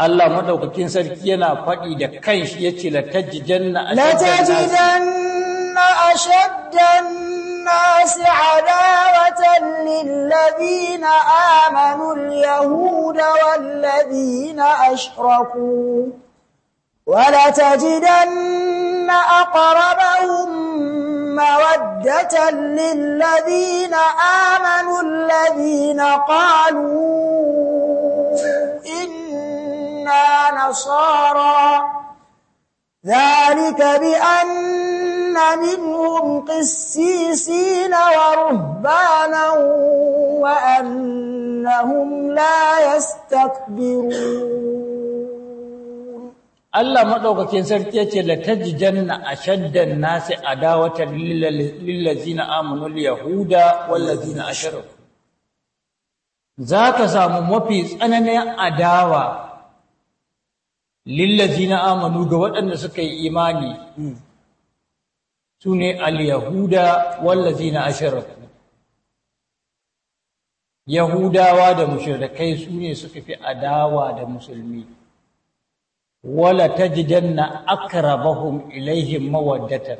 Allah madaukakin sarki yana faɗi da kanshi yace la tajidanna la tajidanna ashaddan nas adawatan lilladhina amanu alyahud walladhina ashraku ولتجدن أقربهم مودة للذين آمنوا الذين قالوا إنا نصارى ذلك بأن منهم قسيسين ورهبانا وأنهم لا يستكبرون Allah maɗaukakin sarki ya ce latajidanna ashaddan nasi adawata lillazina amanu yahuda wallazina Za ka samu mafi tsananin adawa lillazina amanu ga waɗanda suka yi imani hmm. su ne sune alyahuda wallazina ashraku yahudawa da su ne suka fi adawa da musulmi wala tajidanna akrabahum ilaihim mawaddatan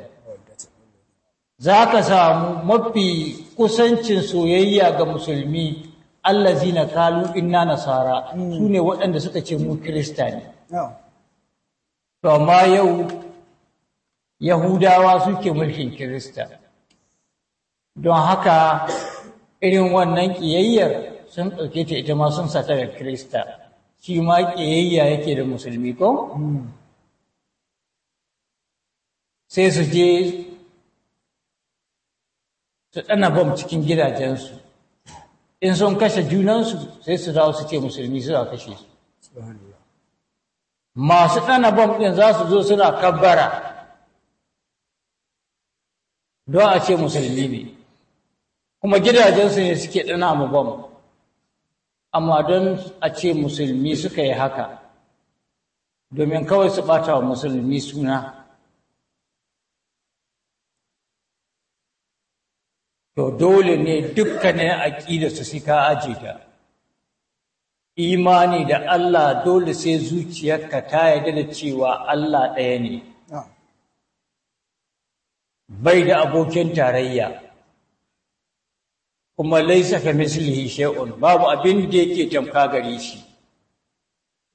zaka samu mafi kusancin soyayya ga musulmi allazina kalu inna nasara sune waɗanda suka ce mu kristani to amma yau yahudawa suke mulkin kirista don haka irin wannan kiyayyar sun ɗauke ta ita ma sun sata da kirista shi ma ƙiyayya yake da musulmi ko? Hmm. Sai su je su ɗana bom cikin gidajensu, in sun kashe junansu sai su dawo su ce musulmi suna kashe su. Masu ɗana bom ɗin za su zo suna kabbara don a ce musulmi ne, kuma gidajensu ne suke ɗana mu bam. amma don a ce musulmi suka yi haka domin kawai su ɓata wa musulmi suna to dole ne dukkanin aƙida su sika aji ta imani da Allah dole sai zuciyarka ta yarda da cewa Allah ɗaya ne bai da abokin tarayya kuma laisa ka mislihi shay'un babu abin da yake tamka gare shi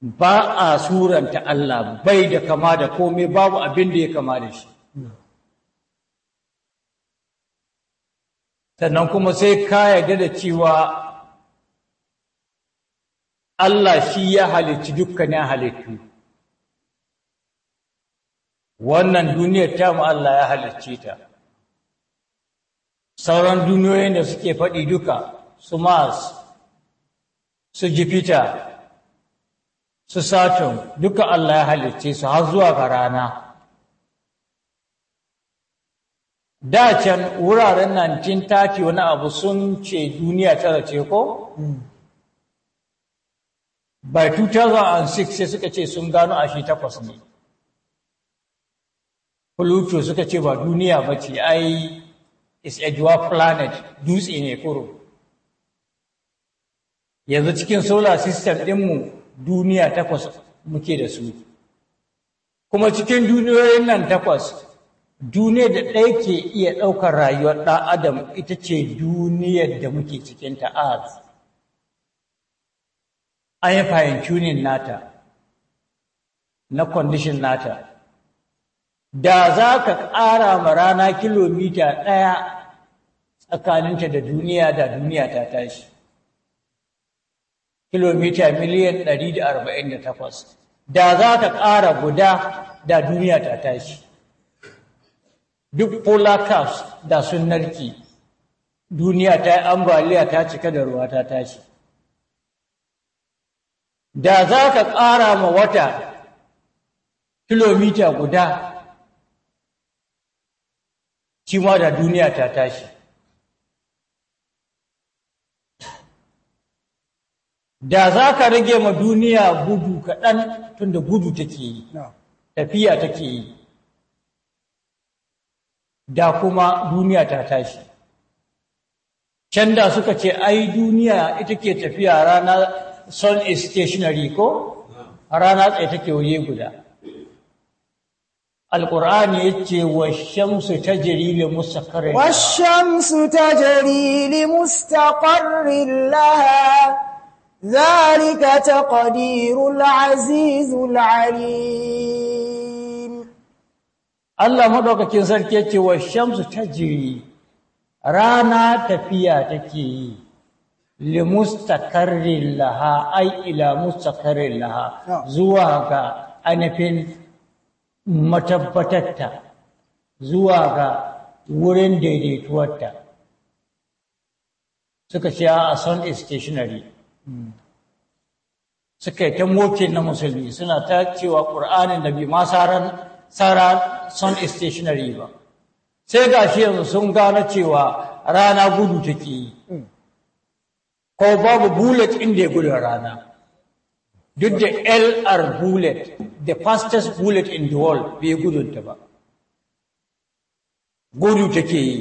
ba a suranta Allah bai da kama da komai babu abin da ya kama da shi sannan kuma sai ka yarda da cewa Allah shi ya halicci dukkanin halittu wannan duniyar ta mu Allah ya halicce ta sauran duniyoyin da suke faɗi duka su mars su jupiter su saturn duka allah ya halicce su har zuwa ga rana da can wuraren 1930 wani abu sun ce duniya tara ce ko? by 2006 sai suka ce sun gano ashe takwas ne pluto suka ce ba duniya ba ce ai is a dwarf planet dutse ne kuro yanzu cikin solar system ɗinmu duniya takwas muke da su kuma cikin duniyoyin nan takwas duniyar da ɗaya ke iya ɗaukar rayuwar ɗan adam ita ce duniyar da muke ta earth an yi fahimci nata na condition nata da za ka ƙara ma rana kilomita ɗaya tsakaninta da duniya da duniya ta tashi kilomita miliyan takwas. da za ka ƙara guda da duniya ta tashi duk polar caps da sun narki duniya ta yi ambaliya ta cika da ruwa ta tashi da za ka ƙara ma wata kilomita guda shi ma da duniya ta tashi da za ka rage ma duniya gudu kaɗan tunda gudu take yi tafiya take yi da kuma duniya ta tashi can da suka ce ai duniya ita ke tafiya rana sun is stationary ko rana tsaye take waje guda alƙur'ani ya ce washamsu ta jiri li mustaqarrin washamsu ta li mustaqarrin laha zalika taqdirul azizul alim Allah madaukakin sarki ya ce washamsu ta rana tafiya take yi li mustaqarrin laha ai ila mustaqarrin laha zuwa ga anafin matabbatatta zuwa ga wurin daidaituwarta suka ce a son is stationary hmm. suka yi ta moke na musulmi suna ta cewa ƙur'anin da bi ma tsara son is stationary ba sai ga shi yanzu sun gane cewa rana gudu take yi hmm. ko babu bullet inda ya gudu rana duk da LR bullet the fastest bullet in the world bai gudunta ba gudu take yi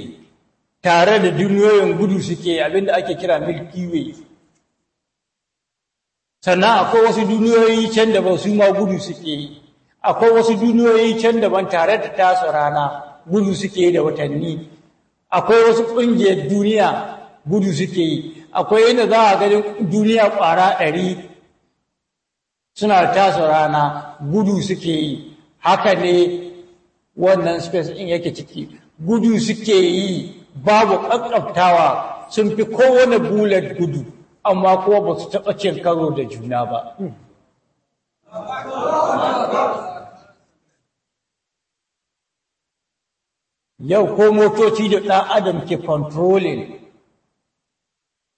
tare da duniyoyin gudu suke abinda ake kira Milky Way sannan akwai wasu duniyoyi can da ba su ma gudu suke yi akwai wasu duniyoyi can da ban tare da tasu rana gudu suke yi da watanni akwai wasu ƙungiyar duniya gudu suke yi akwai yadda za a ganin duniya ƙwara ɗari suna tasu rana gudu suke yi haka ne wannan space in yake ciki gudu suke yi babu ƙaƙƙaftawa sun fi kowane bullet gudu amma kuwa ba su taɓa cin karo da juna ba yau ko motoci da ɗan adam ke controlling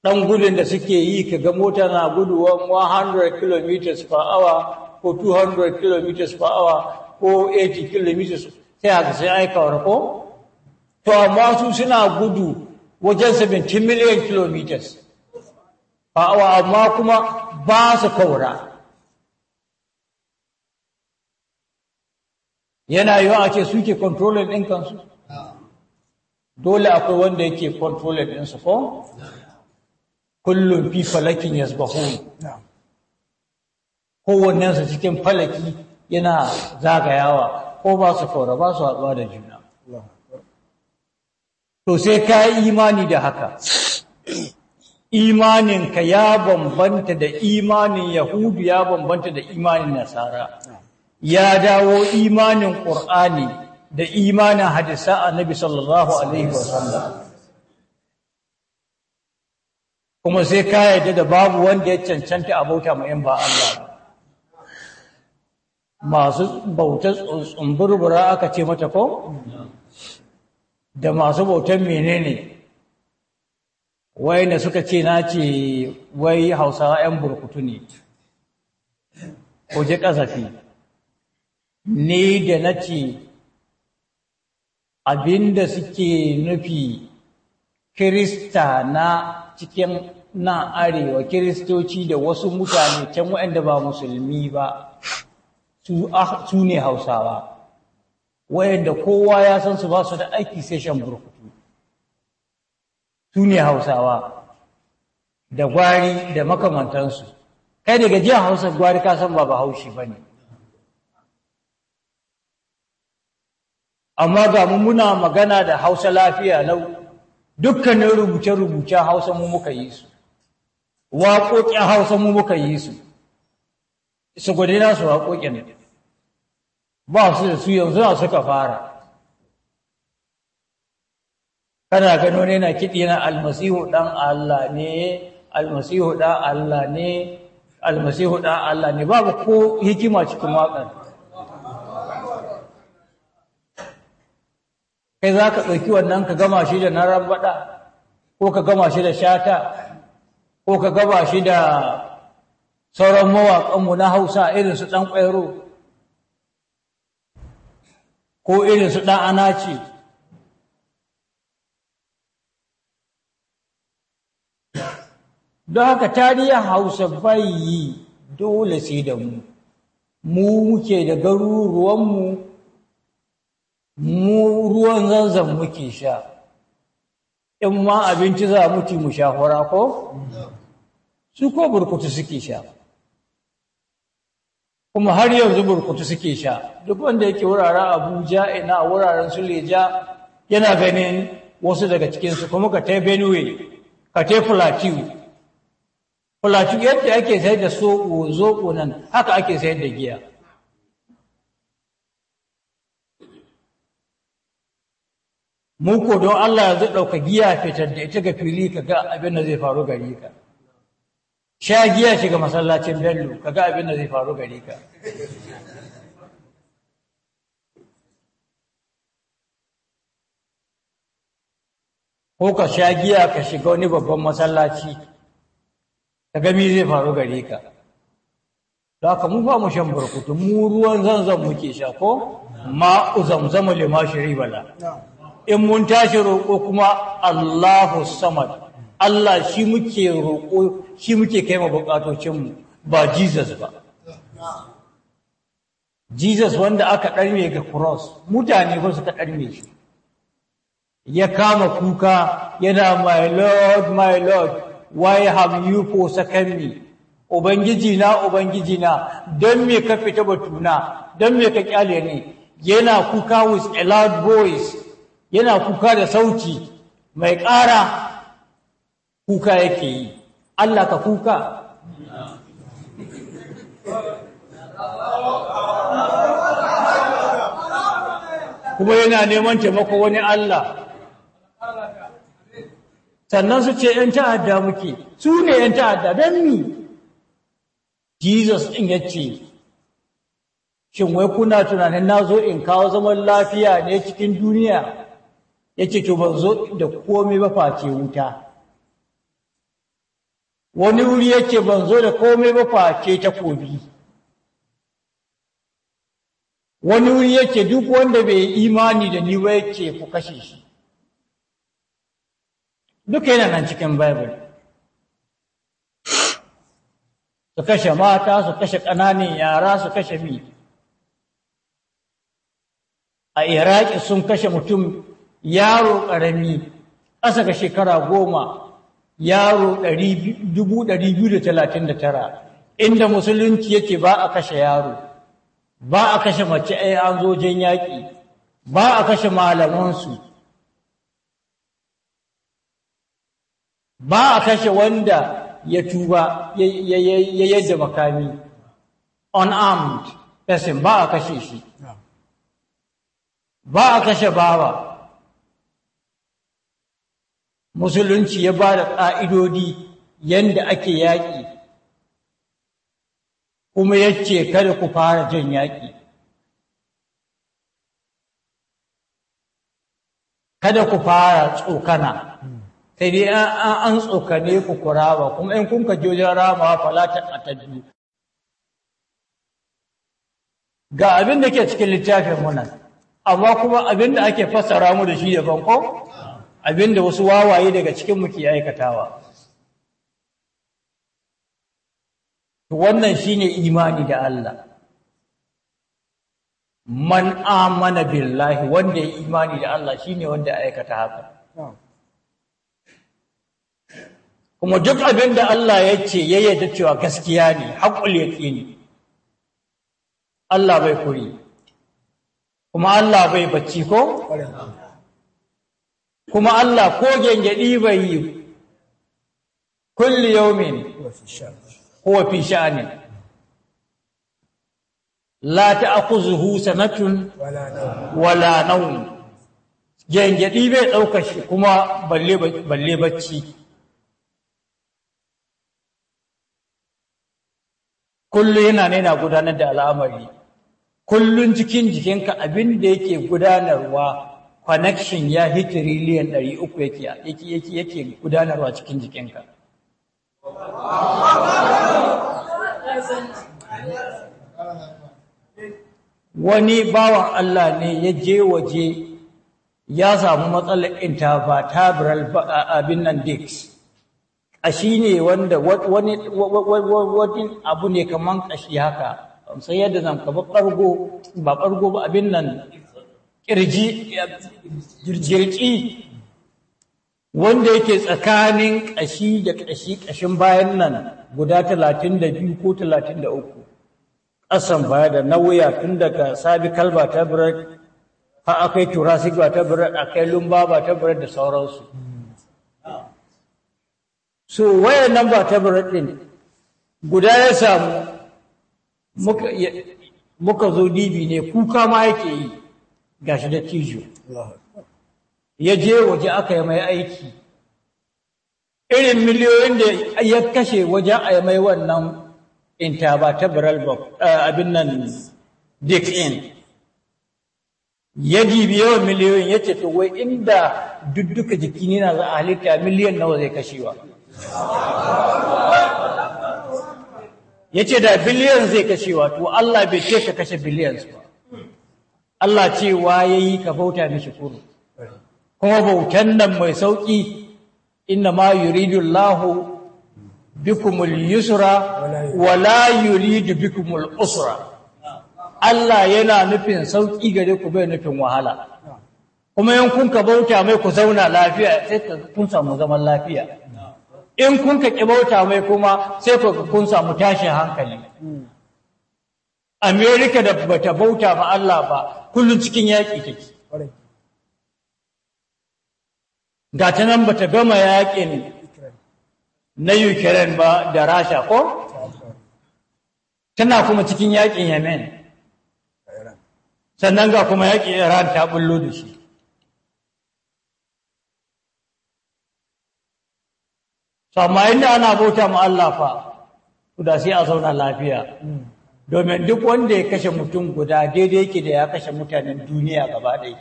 ɗan gudun da suke yi ka ga mota na guduwan 100 km per hour ko 200 km per hour ko 80 km sai haka sai aika warko to amma su suna gudu wajen 70 million km per hour amma kuma ba su kaura yana yiwa a ce suke controlling ɗin kansu dole akwai wanda yake controlling ɗinsu ko? kullum fi falakin yasbahun kowannensu cikin falaki yana zagayawa ko ba su faura ba su haɗuwa da juna to sai ka yi imani da haka imaninka ya bambanta da imanin yahudu ya bambanta da imanin nasara ya dawo imanin ƙur'ani da imanin hadisa annabi sallallahu alaihi wasallam kuma sai ka yadda da babu wanda ya cancanta a bauta ma ba masu bautar tsumburbura aka ce mata ko da masu bautar menene wai da suka ce na ce wai hausa 'yan burkutu ne ko je ƙasafi ni da na ce abinda suke nufi kirista na cikin na arewa kiristoci da wasu mutane can waɗanda ba musulmi ba su ne hausawa waɗanda kowa ya san su ba su da aiki sai shan burkutu su ne hausawa da gwari da makamantansu kai daga jiya hausa gwari ka san ba ba haushi ba ne amma ga muna magana da hausa lafiya lau dukkanin rubuce-rubucen hausa mu muka yi su waƙoƙin hausa mu muka yi su su gwade nasu waƙoƙin ba su da su yanzu na suka fara kana gano ne na kiɗi na almasihu ɗan Allah ne almasihu ɗan Allah ne almasihu ɗan Allah ne babu ko hikima cikin waƙar kai za ka ɗauki wannan ka gama shi da na rambaɗa ko ka gama shi da shata ko ka gaba shi da sauran mawaƙanmu na hausa irin su ɗan ƙwairo ko irin su ɗan anaci don haka tarihin hausa bai yi dole sai da mu mu muke da garuruwanmu mu ruwan zanzan muke sha in ma abinci za mu ci mu sha ko? su ko burkutu suke sha kuma har yanzu burkutu suke sha duk wanda yake wuraren abuja ina wuraren su leja yana ganin wasu daga cikinsu kuma ka tai benue ka tai plateau plateau yadda ake sayar da soko zoko nan haka ake sayar da giya Muku don Allah ya zai ɗauka giya fitar da ita ga fili ka ga abin da zai faru gari ka sha giya shiga masallacin bello kaga abin da zai faru gare ka ko ka sha giya ka shiga wani babban masallaci ka gami zai faru gare ka da ka mu ba mu shan burkutu mu ruwan zanzan muke sha ko ma zamzama lima shiribala in mun tashi roƙo kuma Allahu samad Allah shi muke roƙo shi muke kai ma buƙatocinmu ba Jesus ba Jesus wanda aka ɗarme ga cross mutane su ka ɗarme shi ya kama kuka yana my lord my lord why have you forsaken me ubangiji na ubangiji na don me ka fita batuna don me ka kyale ne? yana kuka with a loud voice yana kuka da sauti mai ƙara kuka yake yi Allah ka kuka kuma yana neman taimako wani Allah sannan su ce ‘yan ta'adda muke su ne ‘yan ta'adda don mi jesus ɗin ya ce shin wai kuna tunanin na zo in kawo zaman lafiya ne cikin duniya ya ce to ban zo da komai ba face wuta wani wuri yake ban zo da komai ba face kobi. wani wuri yake duk wanda bai imani da ni ba yake ku kashe shi duka yana nan cikin bible su kashe mata su kashe ƙananan yara su kashe mi a iraki sun kashe mutum yaro ƙarami ƙasa ga shekara goma yaro tara, inda musulunci yake ba a kashe yaro ba a kashe mace ai an zo jan yaƙi ba a kashe malamansu ba a kashe wanda ya tuba ya yadda makami unarmed person ba a kashe shi ba a kashe bawa musulunci ya ba da ƙa'idodi yadda ake yaƙi kuma ya ce kada ku fara jan yaƙi kada ku fara tsokana sai dai an tsokane ku kuraba kuma in kun ka jojin ramawa falatan a taddu ga abin da ke cikin littafin munan amma kuma abin da ake fassara mu da shi da banko abinda wasu wawaye daga cikin mu ke aikatawa wannan shine imani da Allah man amana billahi wanda ya imani da Allah shine wanda ya aikata haka kuma duk abinda Allah ya ce ya yadda cewa gaskiya ne haƙul yaqini Allah bai kuri kuma Allah bai bacci ko kuma Allah ko gengedi bai yi kulli yawmin huwa fi sha'ni la ta'khuzuhu sanatun wala nawm gengedi bai dauka shi kuma balle balle bacci kullu yana ne na gudanar da al'amari kullun cikin jikinka abin da yake gudanarwa connection ya hit trillion ɗari uku yake gudanarwa cikin jikinka. Wani bawan Allah ne ya je waje ya samu matsalar intervertebral abin nan A shi ne wanda wani abu ne kamar ƙashi haka, sai yadda zan ka ba ƙargo ba abin nan kirji girgirki wanda yake tsakanin ƙashi da ƙashi ƙashin bayan nan guda talatin da biyu ko talatin da uku ƙasan baya da nauya tun daga sabi kalba ta birar ha akai turasi ba ta birar akai lumba ba ta birar da sauransu so wayan nan ba ta birar ɗin guda ya samu muka zo dibi ne kuka ma yake yi gashi da tijo ya je waje aka yi mai aiki irin miliyoyin da ya kashe waje a yi mai wannan ta Ba eh, abin nan dick in ya dibi yawan miliyoyin ya ce to wai inda dudduka jiki ne na za a halitta miliyan nawa zai kashewa ya ce da biliyan zai kashewa to Allah bai ce ka kashe biliyan su ba. Allah cewa ya yi ka bauta mishi kuru. kuma bautan nan mai sauƙi inda ma yuridu Lahu, bikumul yusra wala yuridu bikumul usra Allah yana nufin sauƙi gare ku bai nufin wahala kuma in kun ka bauta mai ku zauna lafiya sai kun samu zaman lafiya in kun ka ƙi bauta mai kuma sai ku kun samu tashin hankali Amerika da bata bauta ba Allah ba kullum cikin yaƙi take ga ta nan ba ta gama yaƙin na ukraine ba da rasha ko tana kuma cikin yaƙin yemen sannan ga kuma yaƙin iran ta bullo da shi amma inda ana bauta ma Allah fa da sai a zauna lafiya mm. domin duk wanda ya kashe mutum guda daidai yake da ya kashe mutanen duniya gaba ɗai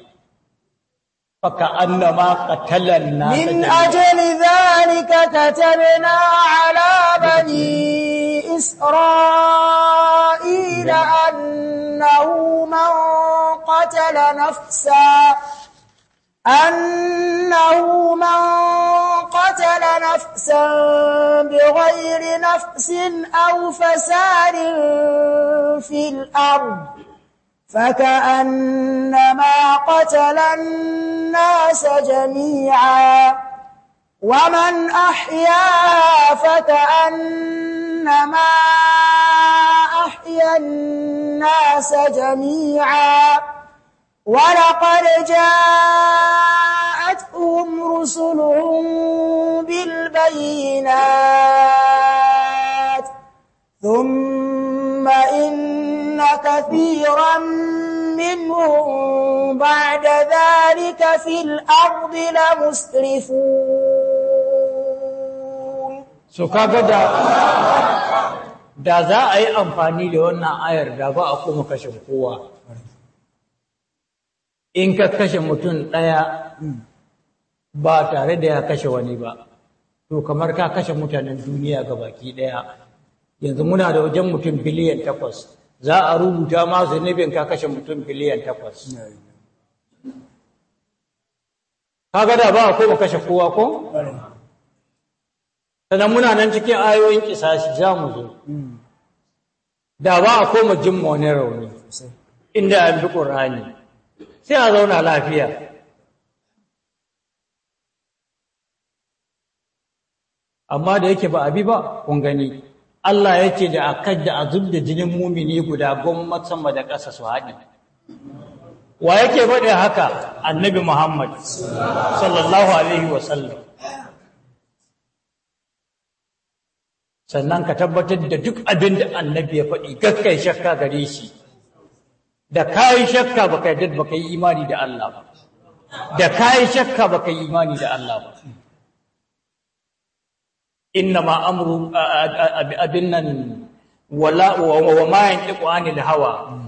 faka annama qatalan nas min ajli dhalika katabna ala bani isra'ila annahu man qatala nafsan أنه من قتل نفسا بغير نفس أو فساد في الأرض فكأنما قتل الناس جميعا ومن أحيا فكأنما أحيا الناس جميعا ولقد جاءتهم رسلهم بالبينات ثم إن كثيرا منهم بعد ذلك في الأرض لمسرفون سكاكا دا za a yi amfani da wannan ayar da ba a kuma kashin kowa in ka kashe mutum ɗaya ba tare da ya kashe wani ba to kamar ka kashe mutanen duniya ga baki ɗaya yanzu muna da wajen mutum biliyan takwas za a rubuta ma zunubin ka kashe mutum biliyan takwas Ka da ba ko ba kashe kowa ko sannan muna nan cikin ayoyin kisashi za mu zo da ba a koma jin wani rauni inda an bi ƙorani. sai a zauna lafiya amma da yake ba abi ba kun gani Allah ya ce da akad da azub da jinin mumini guda gwamnati sama da ƙasa su haɗi wa yake faɗi haka annabi Muhammad sallallahu alaihi wasallam sannan ka tabbatar da duk abin da annabi ya faɗi gakkai shakka gare shi da kayi shakka baka yadda baka yi imani da Allah ba da kayi shakka baka yi imani da Allah ba inna ma amru abinnan wala wa ma yantiqu anil hawa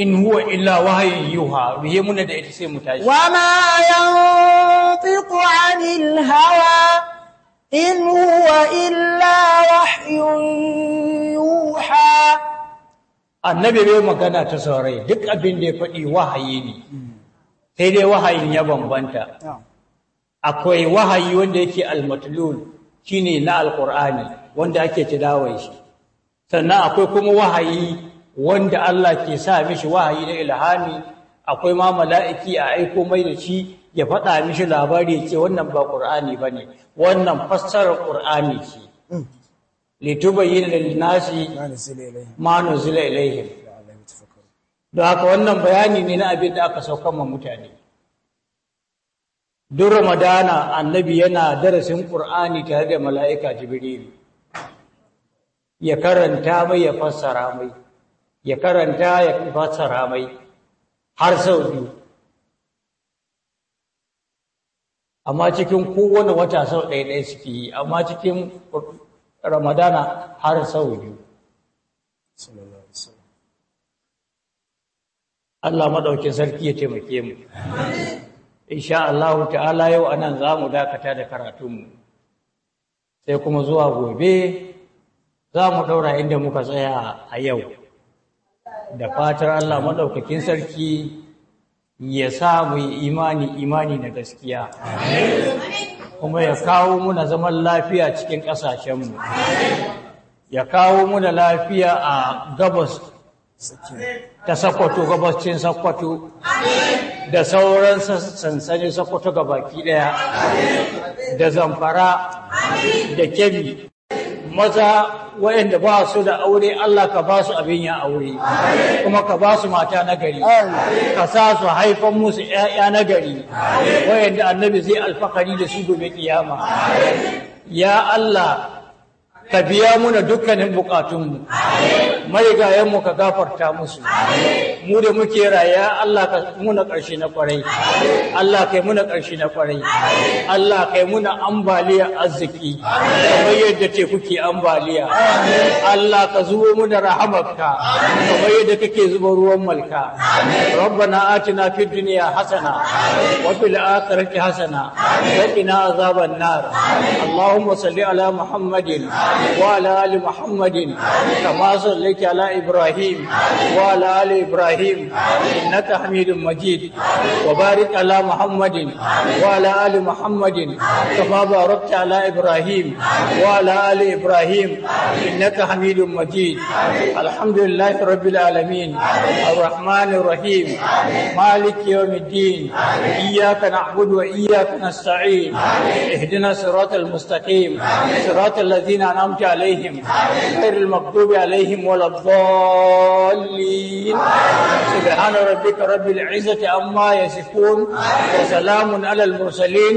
in huwa illa wahyun yuha riye muna da ita sai mu tashi wa ma yantiqu anil hawa in huwa illa wahyun yuha annabi bai magana ta saurayi duk abin da ya faɗi wahayi ne sai dai wahayin ya bambanta akwai wahayi wanda yake almatlul shine na alqur'ani wanda ake dawai shi sannan akwai kuma wahayi wanda Allah ke sa mishi wahayi na ilhami akwai ma mala'iki a aiko mai da shi ya faɗa mishi labari ce wannan ba qur'ani bane wannan fassarar ƙur'ani. ce mm. litubayyana lin da ma nuzila ilayhim don haka wannan bayani ne na abin da aka sauka ma mutane duk ramadana annabi yana darasin qur'ani tare da mala'ika jibril ya karanta mai ya fassara mai ya karanta ya fassara mai har sau biyu amma cikin kowane wata sau ɗaya ɗaya suke yi amma cikin ramadana har sau biyu Allah maɗaukin sarki ya taimake mu insha Allah ta'ala yau anan za mu dakata da karatunmu sai kuma zuwa gobe za mu ɗaura inda muka tsaya a yau da fatar Allah maɗaukakin sarki ya sa mu imani imani na gaskiya. kuma ya kawo muna zaman lafiya cikin ƙasashenmu ya kawo muna lafiya a gabas ta sakwato gabascin sakwato da sauran sansanin sakwato baki ɗaya da zamfara da kebi maza wayanda ba su da aure Allah ka ba su abin ya aure kuma ka ba su mata na gari ka sa su haifan musu ƴaƴa na gari wayanda annabi zai alfakari da su gobe kiyama ya Allah ka biya muna dukkanin bukatunmu marigayenmu ka gafarta musu mu da muke raya Allah ka muna ƙarshe na kwarai Allah kai muna ƙarshe na kwarai Allah kai muna ambaliya arziki kamar yadda ce kuke ambaliya Allah ka zubo muna rahamarka kamar yadda kake zuba ruwan malka rabbana atina fid dunya hasana wa fil akhirati hasana wa qina azaban nar اللهم صل على محمد وعلى آل محمد كما صليت على إبراهيم وعلى آل إبراهيم إنك حميد مجيد وبارك على محمد وعلى آل محمد كما باركت على إبراهيم وعلى آل إبراهيم إنك حميد مجيد الحمد لله رب العالمين الرحمن الرحيم مالك يوم الدين إياك نعبد وإياك نستعين اهدنا الصراط المستقيم صراط الذين أنعمت أنعمت عليهم غير المغضوب عليهم ولا الضالين سبحان ربك رب العزة عما يصفون وسلام على المرسلين